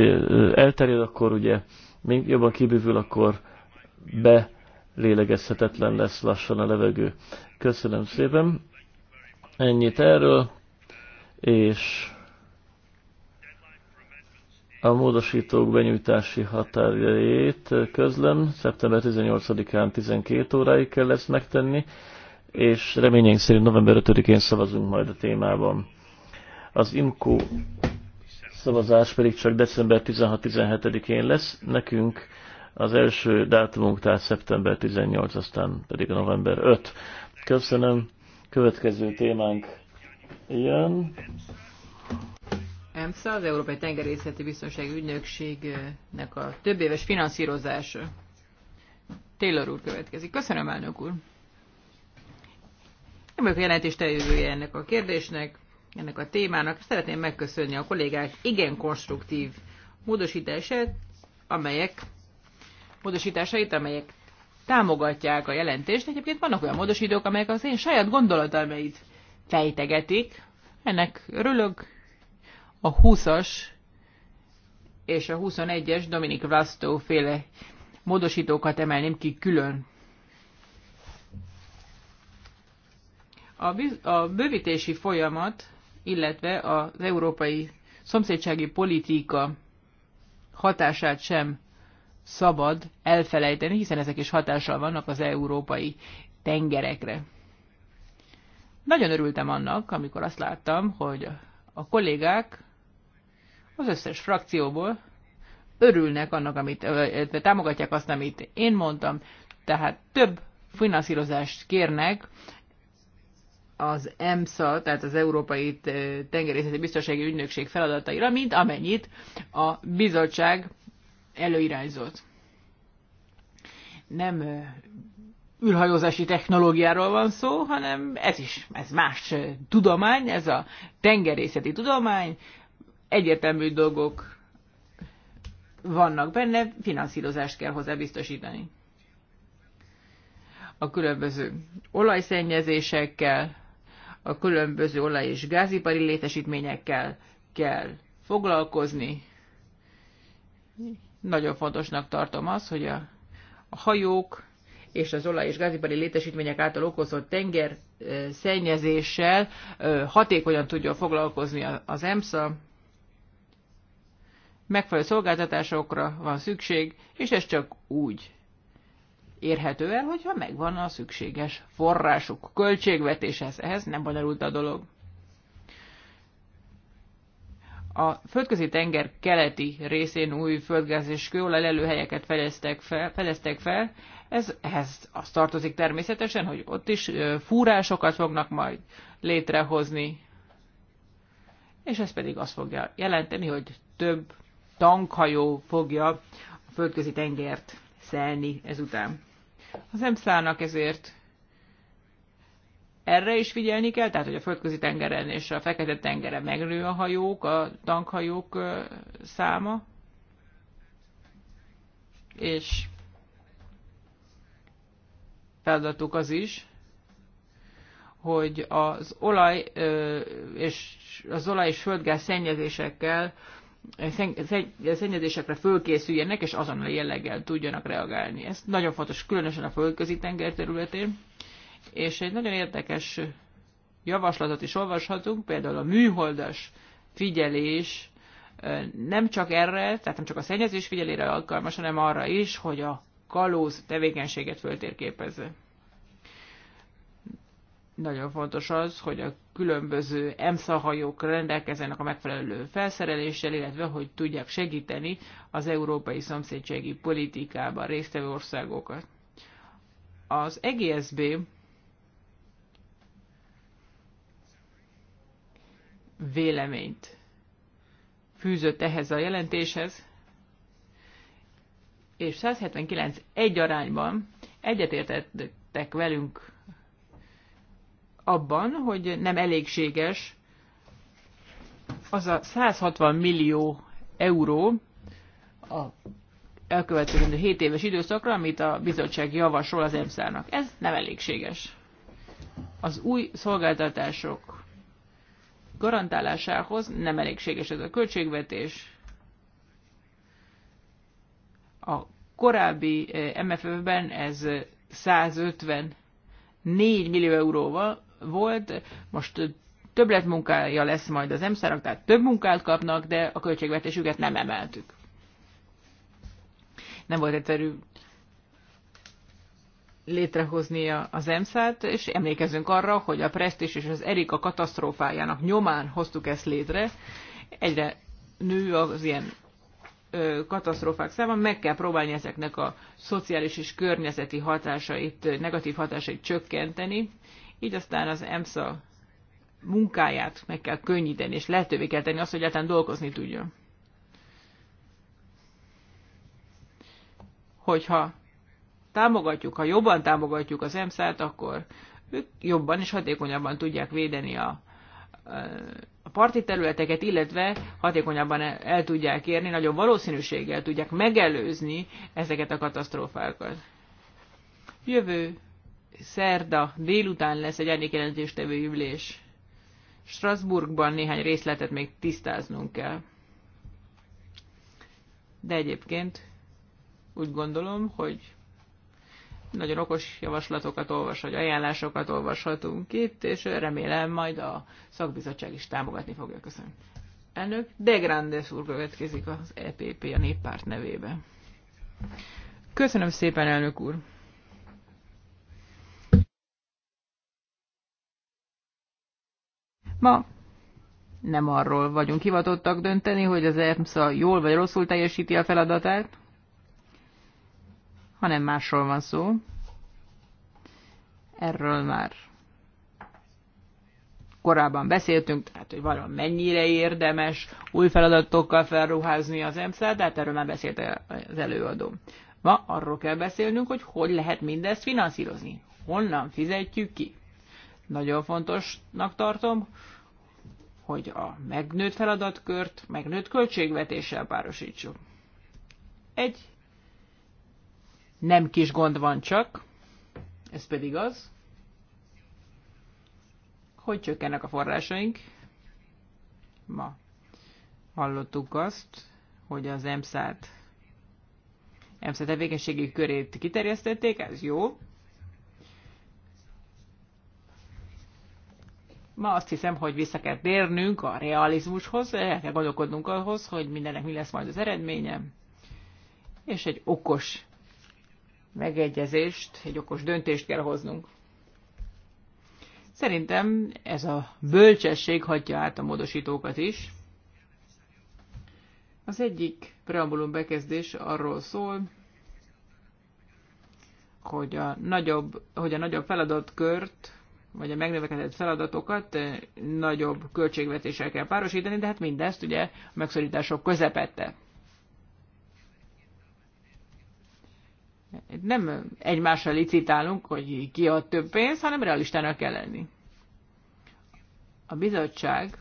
elterjed, akkor ugye még jobban kibővül, akkor belélegezhetetlen lesz lassan a levegő. Köszönöm szépen. Ennyit erről, és a módosítók benyújtási határjait közlöm, szeptember 18-án 12 óráig kell ezt megtenni, és reményénk szerint november 5-én szavazunk majd a témában. Az IMCO szavazás pedig csak december 16-17-én lesz, nekünk az első dátumunk, tehát szeptember 18, aztán pedig november 5. Köszönöm, következő témánk jön.
EMSZA, az Európai Tengerészeti Biztonsági Ügynökségnek a több éves finanszírozása. Taylor úr következik. Köszönöm, elnök úr. Nem vagyok a jelentéstevője ennek a kérdésnek, ennek a témának. Szeretném megköszönni a kollégák igen konstruktív módosítását, amelyek módosításait, amelyek támogatják a jelentést. Egyébként vannak olyan módosítók, amelyek az én saját gondolataimait fejtegetik. Ennek örülök, a 20-as és a 21-es Dominik Vlasto féle módosítókat emelném ki külön. A, a bővítési folyamat, illetve az európai szomszédsági politika hatását sem szabad elfelejteni, hiszen ezek is hatással vannak az európai tengerekre. Nagyon örültem annak, amikor azt láttam, hogy a kollégák az összes frakcióból örülnek annak, amit, illetve támogatják azt, amit én mondtam, tehát több finanszírozást kérnek az EMSA, tehát az Európai Tengerészeti Biztonsági Ügynökség feladataira, mint amennyit a bizottság előirányzott. Nem űrhajózási technológiáról van szó, hanem ez is, ez más tudomány, ez a tengerészeti tudomány, egyértelmű dolgok vannak benne, finanszírozást kell hozzá biztosítani. A különböző olajszennyezésekkel, a különböző olaj- és gázipari létesítményekkel kell foglalkozni. Nagyon fontosnak tartom az, hogy a, a hajók és az olaj- és gázipari létesítmények által okozott tenger szennyezéssel hatékonyan tudjon foglalkozni az EMSZA, megfelelő szolgáltatásokra van szükség, és ez csak úgy érhető el, hogyha megvan a szükséges forrásuk, költségvetéshez. Ehhez nem bonyolult a dolog. A földközi tenger keleti részén új földgáz és kőolaj lelőhelyeket fedeztek fel, fedeztek fel. Ez, ehhez az tartozik természetesen, hogy ott is fúrásokat fognak majd létrehozni, és ez pedig azt fogja jelenteni, hogy több tankhajó fogja a földközi tengert szelni ezután. Az nem szállnak ezért erre is figyelni kell, tehát hogy a földközi tengeren és a fekete tengeren megnő a hajók, a tankhajók száma, és feladatuk az is, hogy az olaj és az olaj és földgáz szennyezésekkel szennyezésekre fölkészüljenek, és azon jelleggel tudjanak reagálni. Ez nagyon fontos, különösen a földközi tenger területén. És egy nagyon érdekes javaslatot is olvashatunk, például a műholdas figyelés nem csak erre, tehát nem csak a szennyezés figyelére alkalmas, hanem arra is, hogy a kalóz tevékenységet föltérképezze. Nagyon fontos az, hogy a különböző EMSZA hajók rendelkezzenek a megfelelő felszereléssel, illetve hogy tudják segíteni az európai szomszédségi politikában résztvevő országokat. Az EGSB véleményt fűzött ehhez a jelentéshez, és 179 egy arányban egyetértettek velünk abban, hogy nem elégséges az a 160 millió euró a elkövetkező 7 éves időszakra, amit a bizottság javasol az EMSZ-nak. Ez nem elégséges. Az új szolgáltatások garantálásához nem elégséges ez a költségvetés. A korábbi eh, MFF-ben ez 154 millió euróval volt, most többlet munkája lesz majd az emszárak, tehát több munkát kapnak, de a költségvetésüket nem emeltük. Nem volt egyszerű létrehozni az EMSZ-t, és emlékezzünk arra, hogy a Prestige és az Erika katasztrófájának nyomán hoztuk ezt létre. Egyre nő az ilyen ö, katasztrófák száma, meg kell próbálni ezeknek a szociális és környezeti hatásait, negatív hatásait csökkenteni, így aztán az EMSZA munkáját meg kell könnyíteni, és lehetővé kell tenni azt, hogy egyáltalán dolgozni tudjon. Hogyha támogatjuk, ha jobban támogatjuk az EMSZ-t, akkor ők jobban és hatékonyabban tudják védeni a, a parti területeket, illetve hatékonyabban el, tudják érni, nagyon valószínűséggel tudják megelőzni ezeket a katasztrófákat. Jövő szerda délután lesz egy árnyékjelentéstevő ülés. Strasbourgban néhány részletet még tisztáznunk kell. De egyébként úgy gondolom, hogy nagyon okos javaslatokat olvas, vagy ajánlásokat olvashatunk itt, és remélem majd a szakbizottság is támogatni fogja. Köszönöm. Elnök De Grandes úr következik az EPP a néppárt nevébe. Köszönöm szépen, elnök úr! Ma nem arról vagyunk hivatottak dönteni, hogy az EMSZA jól vagy rosszul teljesíti a feladatát, hanem másról van szó. Erről már korábban beszéltünk, tehát hogy valami mennyire érdemes új feladatokkal felruházni az EMSZ-t, tehát erről már beszélt az előadó. Ma arról kell beszélnünk, hogy hogy lehet mindezt finanszírozni. Honnan fizetjük ki? Nagyon fontosnak tartom, hogy a megnőtt feladatkört megnőtt költségvetéssel párosítsuk. Egy nem kis gond van csak, ez pedig az, hogy csökkennek a forrásaink. Ma hallottuk azt, hogy az EMSZ-t EMSZ tevékenységi körét kiterjesztették, ez jó, Ma azt hiszem, hogy vissza kell térnünk a realizmushoz, el kell gondolkodnunk ahhoz, hogy mindennek mi lesz majd az eredménye, és egy okos megegyezést, egy okos döntést kell hoznunk. Szerintem ez a bölcsesség hagyja át a módosítókat is. Az egyik preambulum bekezdés arról szól, hogy a nagyobb, hogy a nagyobb feladatkört vagy a megnövekedett feladatokat nagyobb költségvetéssel kell párosítani, de hát mindezt ugye a megszorítások közepette. Nem egymással licitálunk, hogy ki ad több pénzt, hanem realistának kell lenni. A bizottság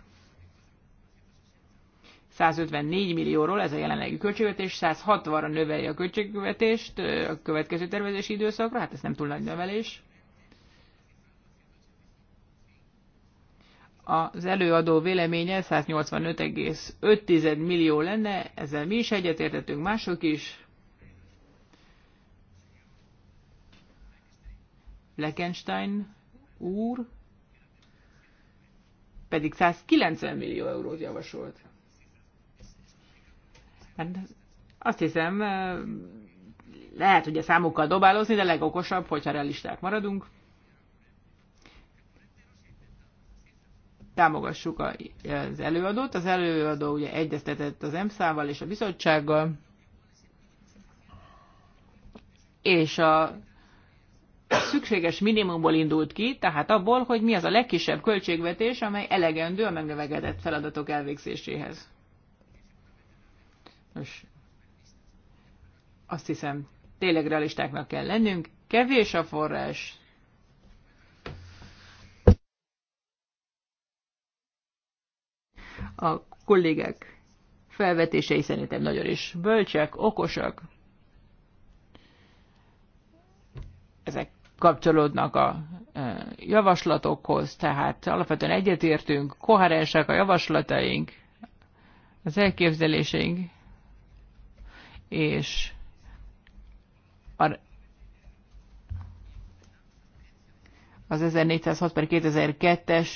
154 millióról, ez a jelenlegi költségvetés, 160-ra növeli a költségvetést a következő tervezési időszakra, hát ez nem túl nagy növelés. az előadó véleménye 185,5 millió lenne, ezzel mi is egyetértettünk, mások is. Lekenstein úr pedig 190 millió eurót javasolt. Hát azt hiszem, lehet hogy a számokkal dobálózni, de legokosabb, hogyha realisták maradunk. támogassuk az előadót. Az előadó ugye egyeztetett az EMSZ-val és a bizottsággal, és a szükséges minimumból indult ki, tehát abból, hogy mi az a legkisebb költségvetés, amely elegendő a megnövekedett feladatok elvégzéséhez. Nos, azt hiszem, tényleg realistáknak kell lennünk. Kevés a forrás, A kollégák felvetései szerintem nagyon is bölcsek, okosak. Ezek kapcsolódnak a e, javaslatokhoz, tehát alapvetően egyetértünk, koherensek a javaslataink, az elképzeléseink, és a az 1406 per 2002-es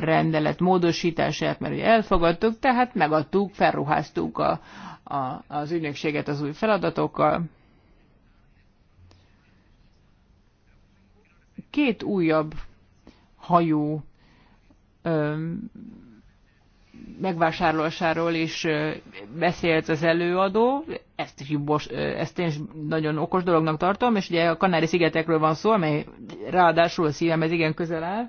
rendelet módosítását, mert ugye elfogadtuk, tehát megadtuk, felruháztuk a, a, az ügynökséget az új feladatokkal. Két újabb hajó megvásárlásáról is beszélt az előadó, ezt, is jubos, ezt én is nagyon okos dolognak tartom, és ugye a Kanári-szigetekről van szó, amely ráadásul a szívemhez igen közel áll.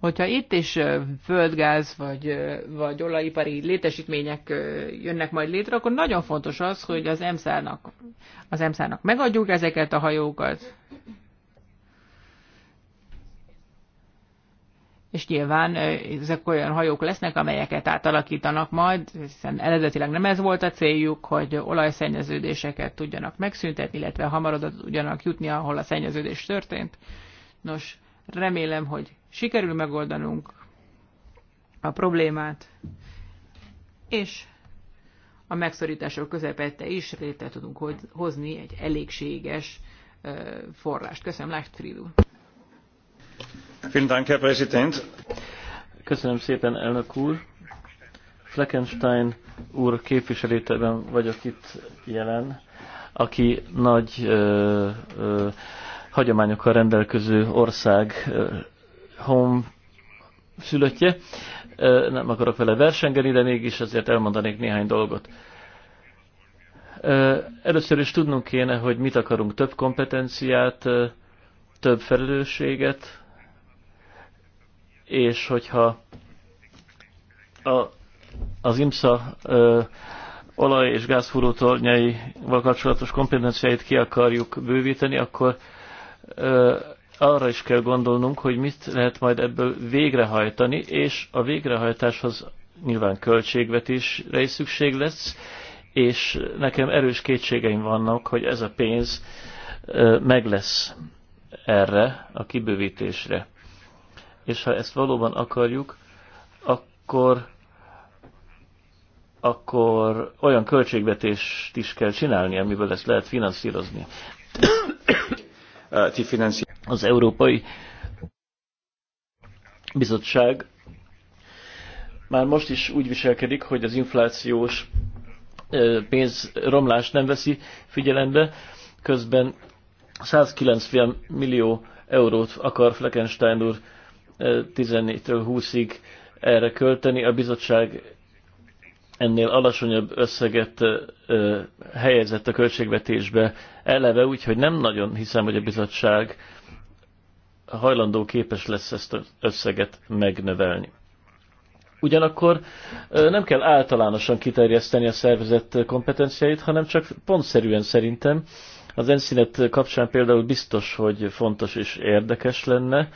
Hogyha itt is földgáz vagy, vagy olajipari létesítmények jönnek majd létre, akkor nagyon fontos az, hogy az emsz az emsz megadjuk ezeket a hajókat, és nyilván ezek olyan hajók lesznek, amelyeket átalakítanak majd, hiszen eredetileg nem ez volt a céljuk, hogy olajszennyeződéseket tudjanak megszüntetni, illetve hamar oda tudjanak jutni, ahol a szennyeződés történt. Nos, remélem, hogy sikerül megoldanunk a problémát, és a megszorítások közepette is létre tudunk hozni egy elégséges forrást. Köszönöm, Lácht Fridu!
Köszönöm szépen, elnök úr. Fleckenstein úr képviselétében vagyok itt jelen, aki nagy ö, ö, hagyományokkal rendelkező ország ö, home szülöttje. Ö, nem akarok vele versengeni, de mégis azért elmondanék néhány dolgot. először is tudnunk kéne, hogy mit akarunk, több kompetenciát, több felelősséget, és hogyha a, az IMSA ö, olaj- és tornyaival kapcsolatos kompetenciáit ki akarjuk bővíteni, akkor ö, arra is kell gondolnunk, hogy mit lehet majd ebből végrehajtani, és a végrehajtáshoz nyilván költségvetésre is szükség lesz, és nekem erős kétségeim vannak, hogy ez a pénz meg lesz erre a kibővítésre és ha ezt valóban akarjuk, akkor, akkor olyan költségvetést is kell csinálni, amiből ezt lehet finanszírozni. Az Európai Bizottság már most is úgy viselkedik, hogy az inflációs pénzromlást nem veszi figyelembe, közben 190 millió eurót akar Fleckenstein úr 14-től 20-ig erre költeni. A bizottság ennél alacsonyabb összeget helyezett a költségvetésbe eleve, úgyhogy nem nagyon hiszem, hogy a bizottság hajlandó képes lesz ezt az összeget megnövelni. Ugyanakkor nem kell általánosan kiterjeszteni a szervezet kompetenciáit, hanem csak pontszerűen szerintem. Az enszínet kapcsán például biztos, hogy fontos és érdekes lenne,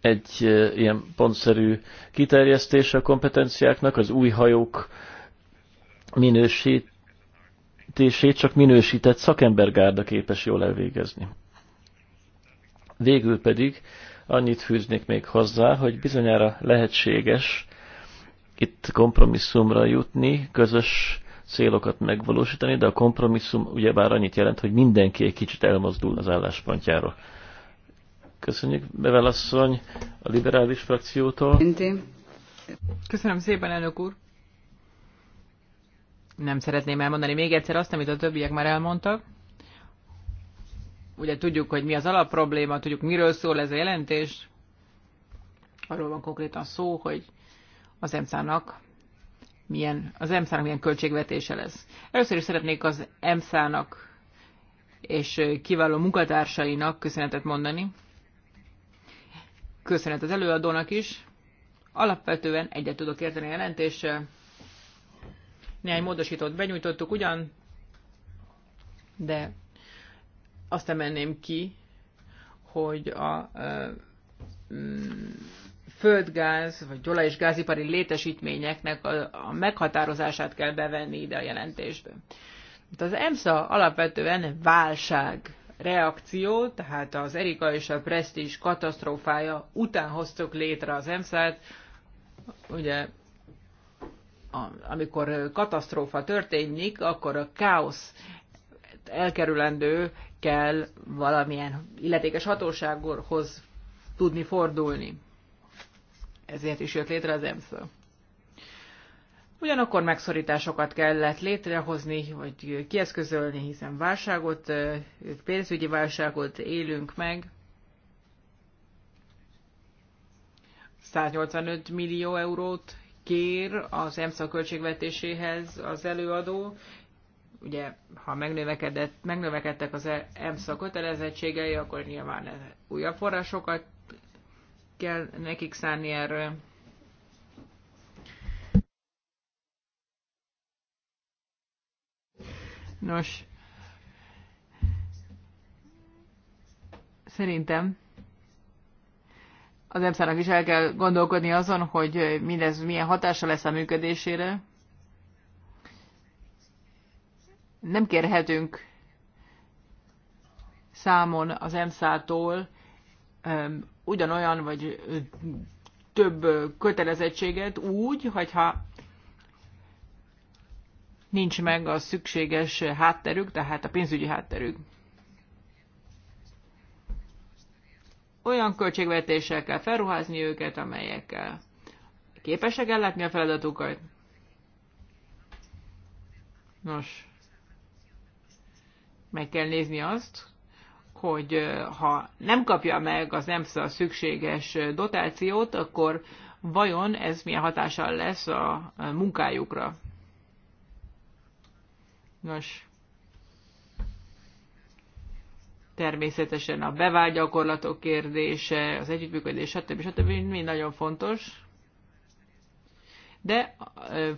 egy ilyen pontszerű kiterjesztése a kompetenciáknak, az új hajók minősítését csak minősített szakembergárda képes jól elvégezni. Végül pedig annyit fűznék még hozzá, hogy bizonyára lehetséges itt kompromisszumra jutni, közös célokat megvalósítani, de a kompromisszum ugyebár annyit jelent, hogy mindenki egy kicsit elmozdul az álláspontjáról. Köszönjük, Bevel asszony, a liberális frakciótól.
Köszönöm szépen, elnök úr. Nem szeretném elmondani még egyszer azt, amit a többiek már elmondtak. Ugye tudjuk, hogy mi az alapprobléma, tudjuk, miről szól ez a jelentés. Arról van konkrétan szó, hogy az EMSZ-nak milyen, az EMSZ-nak milyen költségvetése lesz. Először is szeretnék az EMSZ-nak és kiváló munkatársainak köszönetet mondani. Köszönet az előadónak is. Alapvetően egyet tudok érteni a jelentéssel. Néhány módosítót benyújtottuk ugyan, de azt emelném ki, hogy a mm, földgáz vagy olaj- és gázipari létesítményeknek a, a meghatározását kell bevenni ide a jelentésbe. Hát az EMSA alapvetően válság reakció, tehát az Erika és a Prestige katasztrófája után hoztuk létre az emsz et Ugye, amikor katasztrófa történik, akkor a káosz elkerülendő kell valamilyen illetékes hatósághoz tudni fordulni. Ezért is jött létre az EMSZ. Ugyanakkor megszorításokat kellett létrehozni, vagy kieszközölni, hiszen válságot, pénzügyi válságot élünk meg. 185 millió eurót kér az EMSZA költségvetéséhez az előadó. Ugye, ha megnövekedett, megnövekedtek az EMSZA kötelezettségei, akkor nyilván újabb forrásokat kell nekik szánni erről. Nos, szerintem az EMSZ-nak is el kell gondolkodni azon, hogy mindez milyen hatása lesz a működésére. Nem kérhetünk számon az EMSZ-tól ugyanolyan vagy több kötelezettséget úgy, hogyha nincs meg a szükséges hátterük, tehát a pénzügyi hátterük. Olyan költségvetéssel kell felruházni őket, amelyekkel képesek ellátni a feladatukat. Nos, meg kell nézni azt, hogy ha nem kapja meg az EMSZA szükséges dotációt, akkor vajon ez milyen hatással lesz a munkájukra. Nos, természetesen a bevált gyakorlatok kérdése, az együttműködés, stb. stb. mind nagyon fontos. De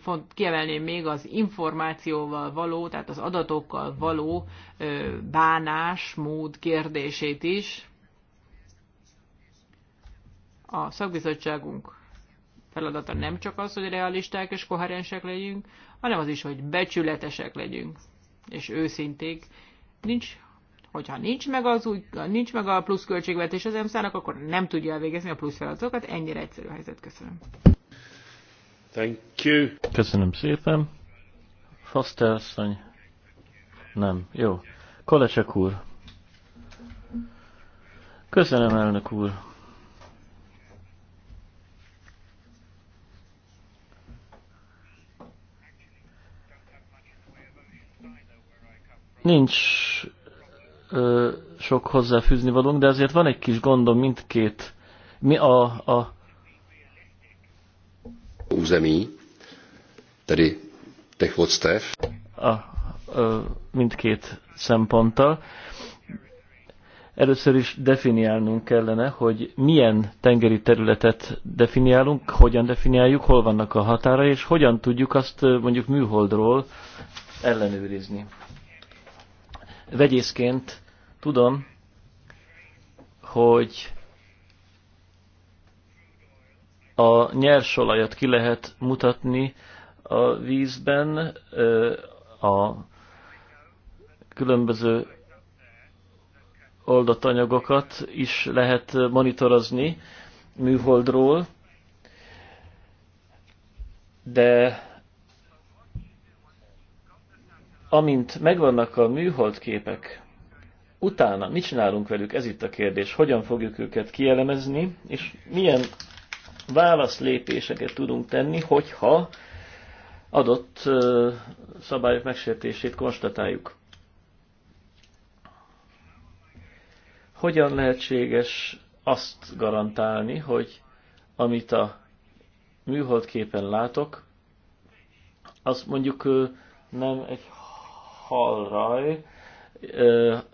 font, kiemelném még az információval való, tehát az adatokkal való bánásmód kérdését is. A szakbizottságunk feladata nem csak az, hogy realisták és koherensek legyünk, hanem az is, hogy becsületesek legyünk, és őszinték. Nincs, hogyha nincs meg, az új, nincs meg a plusz költségvetés az EMSZ-nak, akkor nem tudja elvégezni a plusz feladatokat. Ennyire egyszerű a helyzet. Köszönöm.
Thank you. Köszönöm szépen. Foster Nem. Jó. Kolecsek úr. Köszönöm, elnök úr. Nincs ö, sok hozzáfűzni valónk, de azért van egy kis gondom mindkét. Mi a, a území, tedy tech vodstev. A, ö, mindkét szemponttal. Először is definiálnunk kellene, hogy milyen tengeri területet definiálunk, hogyan definiáljuk, hol vannak a határa, és hogyan tudjuk azt mondjuk műholdról ellenőrizni vegyészként tudom, hogy a nyersolajat ki lehet mutatni a vízben, a különböző oldatanyagokat is lehet monitorozni műholdról, de amint megvannak a műhold képek, utána mit csinálunk velük, ez itt a kérdés, hogyan fogjuk őket kielemezni, és milyen válaszlépéseket tudunk tenni, hogyha adott szabályok megsértését konstatáljuk. Hogyan lehetséges azt garantálni, hogy amit a műholdképen látok, az mondjuk nem egy halraj,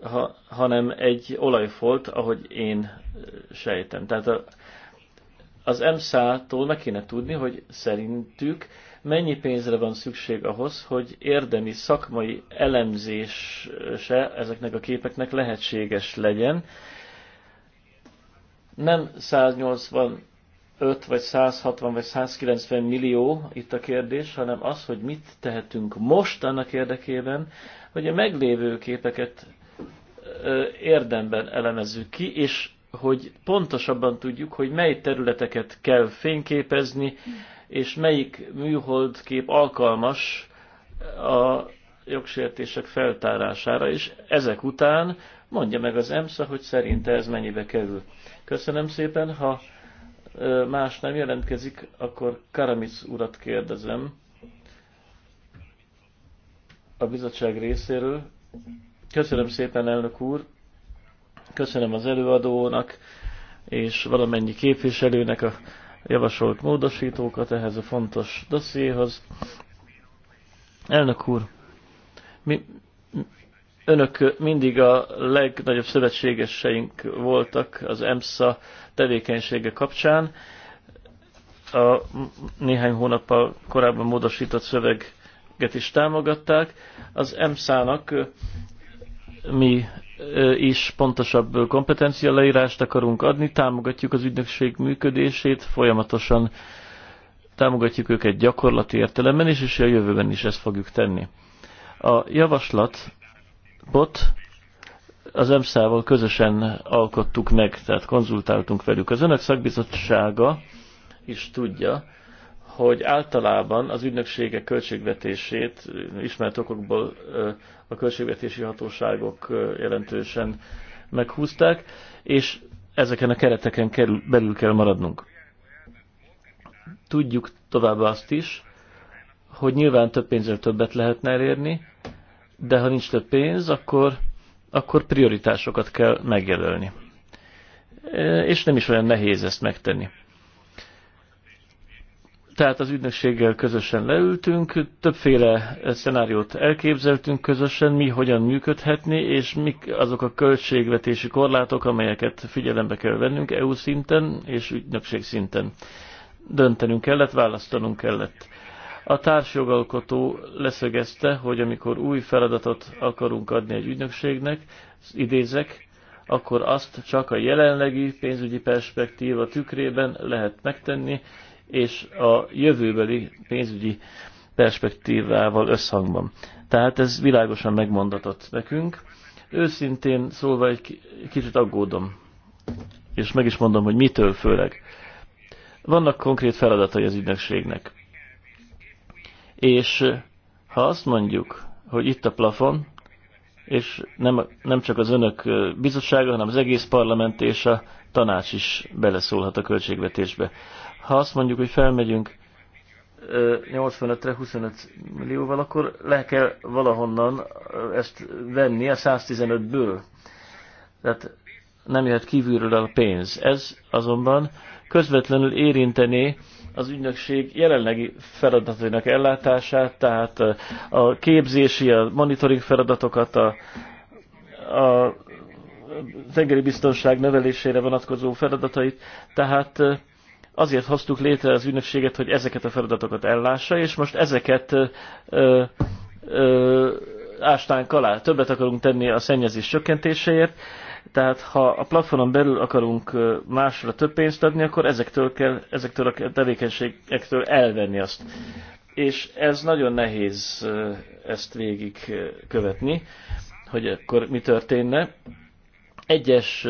ha, hanem egy olajfolt, ahogy én sejtem. Tehát a, az msz tól meg kéne tudni, hogy szerintük mennyi pénzre van szükség ahhoz, hogy érdemi szakmai elemzése ezeknek a képeknek lehetséges legyen. Nem 180 5 vagy 160 vagy 190 millió itt a kérdés, hanem az, hogy mit tehetünk most annak érdekében, hogy a meglévő képeket érdemben elemezzük ki, és hogy pontosabban tudjuk, hogy mely területeket kell fényképezni, és melyik műholdkép alkalmas a jogsértések feltárására, és ezek után mondja meg az EMSZA, hogy szerinte ez mennyibe kerül. Köszönöm szépen, ha más nem jelentkezik, akkor Karamic urat kérdezem a bizottság részéről. Köszönöm szépen, elnök úr! Köszönöm az előadónak és valamennyi képviselőnek a javasolt módosítókat ehhez a fontos dossziéhoz. Elnök úr, mi Önök mindig a legnagyobb szövetségeseink voltak az EMSZA tevékenysége kapcsán. A néhány hónappal korábban módosított szöveget is támogatták. Az EMSZA-nak mi is pontosabb kompetencia leírást akarunk adni, támogatjuk az ügynökség működését, folyamatosan támogatjuk őket gyakorlati értelemben is, és a jövőben is ezt fogjuk tenni. A javaslat bot az EMSZ-val közösen alkottuk meg, tehát konzultáltunk velük. Az önök szakbizottsága is tudja, hogy általában az ügynökségek költségvetését ismert okokból a költségvetési hatóságok jelentősen meghúzták, és ezeken a kereteken kerül, belül kell maradnunk. Tudjuk továbbá azt is, hogy nyilván több pénzzel többet lehetne elérni, de ha nincs több pénz, akkor, akkor prioritásokat kell megjelölni. E, és nem is olyan nehéz ezt megtenni. Tehát az ügynökséggel közösen leültünk, többféle szenáriót elképzeltünk közösen, mi hogyan működhetni, és mik azok a költségvetési korlátok, amelyeket figyelembe kell vennünk EU szinten és ügynökség szinten. Döntenünk kellett, választanunk kellett. A társjogalkotó leszögezte, hogy amikor új feladatot akarunk adni egy ügynökségnek, idézek, akkor azt csak a jelenlegi pénzügyi perspektíva tükrében lehet megtenni, és a jövőbeli pénzügyi perspektívával összhangban. Tehát ez világosan megmondatott nekünk. Őszintén szólva egy kicsit aggódom, és meg is mondom, hogy mitől főleg. Vannak konkrét feladatai az ügynökségnek. És ha azt mondjuk, hogy itt a plafon, és nem, nem csak az önök bizottsága, hanem az egész parlament és a tanács is beleszólhat a költségvetésbe. Ha azt mondjuk, hogy felmegyünk 85-re 25 millióval, akkor le kell valahonnan ezt venni a 115-ből. Tehát nem jöhet kívülről a pénz. Ez azonban közvetlenül érinteni az ügynökség jelenlegi feladatainak ellátását, tehát eh, a képzési, a monitoring feladatokat, a, a tengeri biztonság növelésére vonatkozó feladatait, tehát eh, azért hoztuk létre az ügynökséget, hogy ezeket a feladatokat ellássa, és most ezeket ö, eh, ö, ástánk alá. Többet akarunk tenni a szennyezés csökkentéséért, tehát ha a platformon belül akarunk másra több pénzt adni, akkor ezektől kell, ezektől a tevékenységektől elvenni azt. És ez nagyon nehéz ezt végig követni, hogy akkor mi történne. Egyes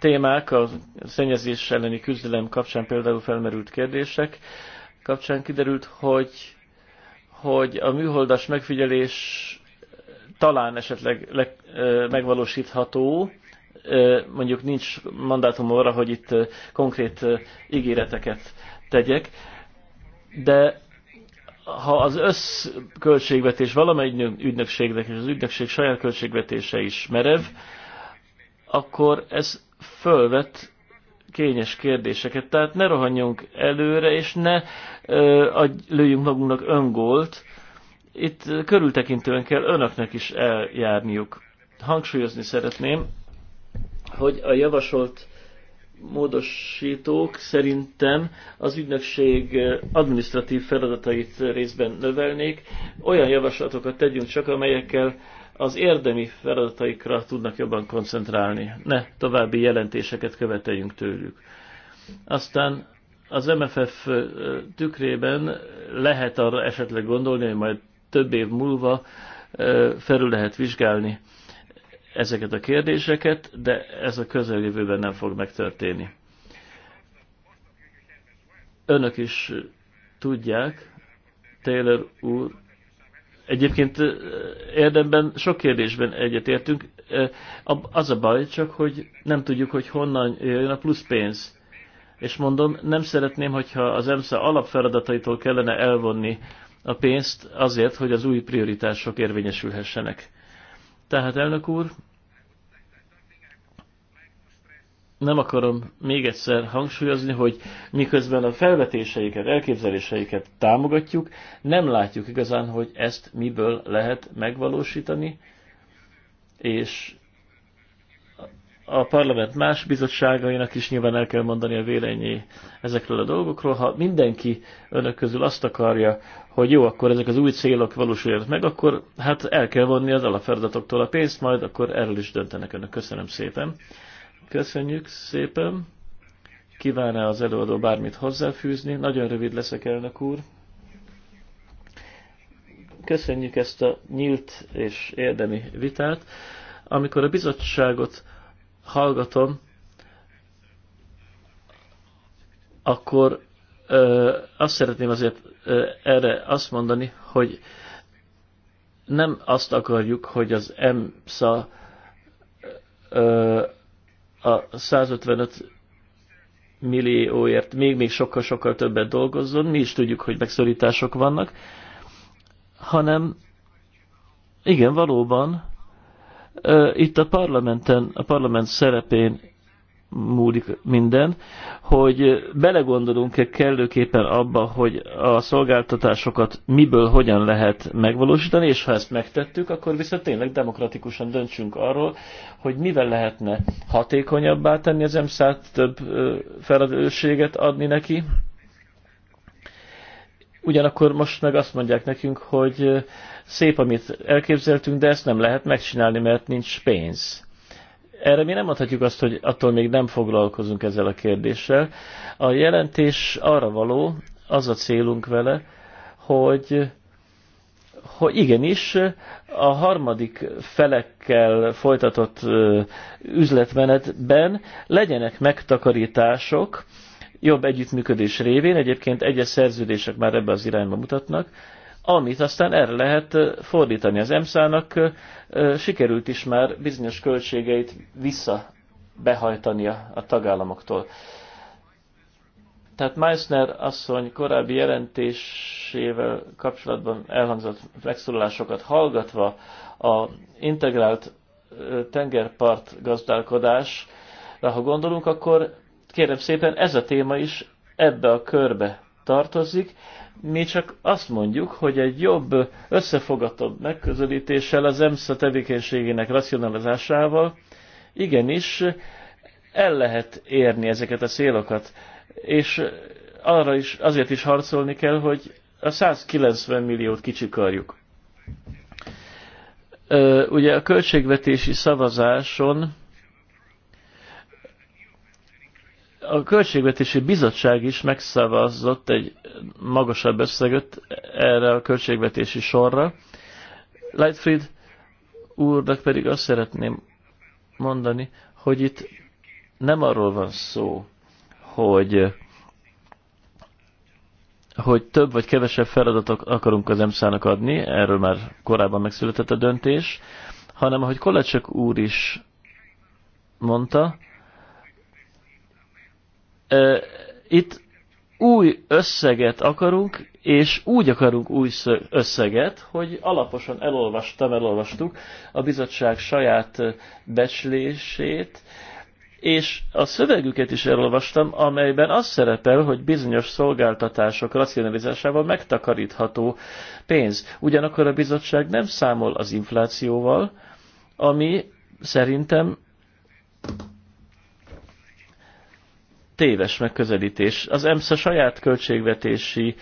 témák, a szennyezés elleni küzdelem kapcsán például felmerült kérdések kapcsán kiderült, hogy, hogy a műholdas megfigyelés talán esetleg le, megvalósítható, mondjuk nincs mandátum arra, hogy itt konkrét ígéreteket tegyek, de ha az összköltségvetés valamely ügynökségnek és az ügynökség saját költségvetése is merev, akkor ez fölvet kényes kérdéseket. Tehát ne rohanjunk előre, és ne ö, lőjünk magunknak öngolt, itt körültekintően kell önöknek is eljárniuk. Hangsúlyozni szeretném, hogy a javasolt módosítók szerintem az ügynökség administratív feladatait részben növelnék. Olyan javaslatokat tegyünk csak, amelyekkel az érdemi feladataikra tudnak jobban koncentrálni. Ne további jelentéseket követeljünk tőlük. Aztán az MFF tükrében lehet arra esetleg gondolni, hogy majd több év múlva felül lehet vizsgálni ezeket a kérdéseket, de ez a közeljövőben nem fog megtörténni. Önök is tudják, Taylor úr, egyébként érdemben sok kérdésben egyetértünk, az a baj csak, hogy nem tudjuk, hogy honnan jön a plusz pénz. És mondom, nem szeretném, hogyha az EMSZA alapfeladataitól kellene elvonni a pénzt azért, hogy az új prioritások érvényesülhessenek. Tehát, elnök úr, nem akarom még egyszer hangsúlyozni, hogy miközben a felvetéseiket, elképzeléseiket támogatjuk, nem látjuk igazán, hogy ezt miből lehet megvalósítani, és a parlament más bizottságainak is nyilván el kell mondani a véleményé ezekről a dolgokról. Ha mindenki önök közül azt akarja, hogy jó, akkor ezek az új célok valósuljanak meg, akkor hát el kell vonni az alapfeladatoktól a pénzt, majd akkor erről is döntenek önök. Köszönöm szépen. Köszönjük szépen. kíván -e az előadó bármit hozzáfűzni? Nagyon rövid leszek, elnök úr. Köszönjük ezt a nyílt és érdemi vitát. Amikor a bizottságot hallgatom, akkor ö, azt szeretném azért ö, erre azt mondani, hogy nem azt akarjuk, hogy az EMSA ö, a 155 millióért még-még sokkal-sokkal többet dolgozzon, mi is tudjuk, hogy megszorítások vannak, hanem igen, valóban itt a parlamenten, a parlament szerepén múlik minden, hogy belegondolunk-e kellőképpen abba, hogy a szolgáltatásokat miből hogyan lehet megvalósítani, és ha ezt megtettük, akkor viszont tényleg demokratikusan döntsünk arról, hogy mivel lehetne hatékonyabbá tenni az emszát, több felelősséget adni neki, Ugyanakkor most meg azt mondják nekünk, hogy szép, amit elképzeltünk, de ezt nem lehet megcsinálni, mert nincs pénz. Erre mi nem mondhatjuk azt, hogy attól még nem foglalkozunk ezzel a kérdéssel. A jelentés arra való, az a célunk vele, hogy, hogy igenis a harmadik felekkel folytatott üzletmenetben legyenek megtakarítások, jobb együttműködés révén, egyébként egyes szerződések már ebbe az irányba mutatnak, amit aztán erre lehet fordítani. Az EMSZ-nak sikerült is már bizonyos költségeit vissza a tagállamoktól. Tehát Meissner asszony korábbi jelentésével kapcsolatban elhangzott megszólalásokat hallgatva a integrált tengerpart gazdálkodásra, ha gondolunk, akkor kérem szépen ez a téma is ebbe a körbe tartozik. Mi csak azt mondjuk, hogy egy jobb, összefogatott megközelítéssel az EMSZA tevékenységének racionalizásával igenis el lehet érni ezeket a célokat. És arra is, azért is harcolni kell, hogy a 190 milliót kicsikarjuk. Ugye a költségvetési szavazáson a Költségvetési Bizottság is megszavazott egy magasabb összeget erre a költségvetési sorra. Lightfried úrnak pedig azt szeretném mondani, hogy itt nem arról van szó, hogy hogy több vagy kevesebb feladatok akarunk az EMSZ-nak adni, erről már korábban megszületett a döntés, hanem ahogy Kolecsek úr is mondta, itt új összeget akarunk, és úgy akarunk új összeget, hogy alaposan elolvastam, elolvastuk a bizottság saját becslését, és a szövegüket is elolvastam, amelyben az szerepel, hogy bizonyos szolgáltatások racionalizásával megtakarítható pénz. Ugyanakkor a bizottság nem számol az inflációval, ami szerintem téves megközelítés. Az EMSZ a saját költségvetési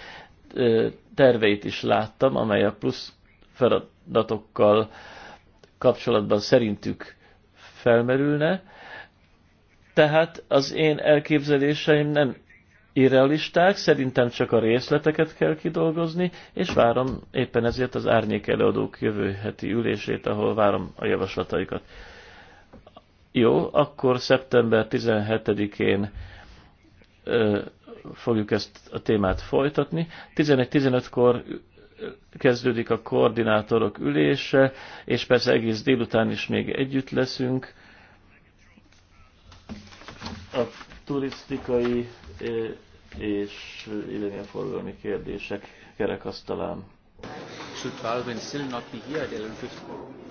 terveit is láttam, amely a plusz feladatokkal kapcsolatban szerintük felmerülne. Tehát az én elképzeléseim nem irrealisták, szerintem csak a részleteket kell kidolgozni, és várom éppen ezért az árnyék előadók jövő heti ülését, ahol várom a javaslataikat. Jó, akkor szeptember 17-én fogjuk ezt a témát folytatni. 11-15-kor kezdődik a koordinátorok ülése, és persze egész délután is még együtt leszünk. A turisztikai és forgalmi kérdések kerekasztalán. Should Balvin still not be here at 11.50?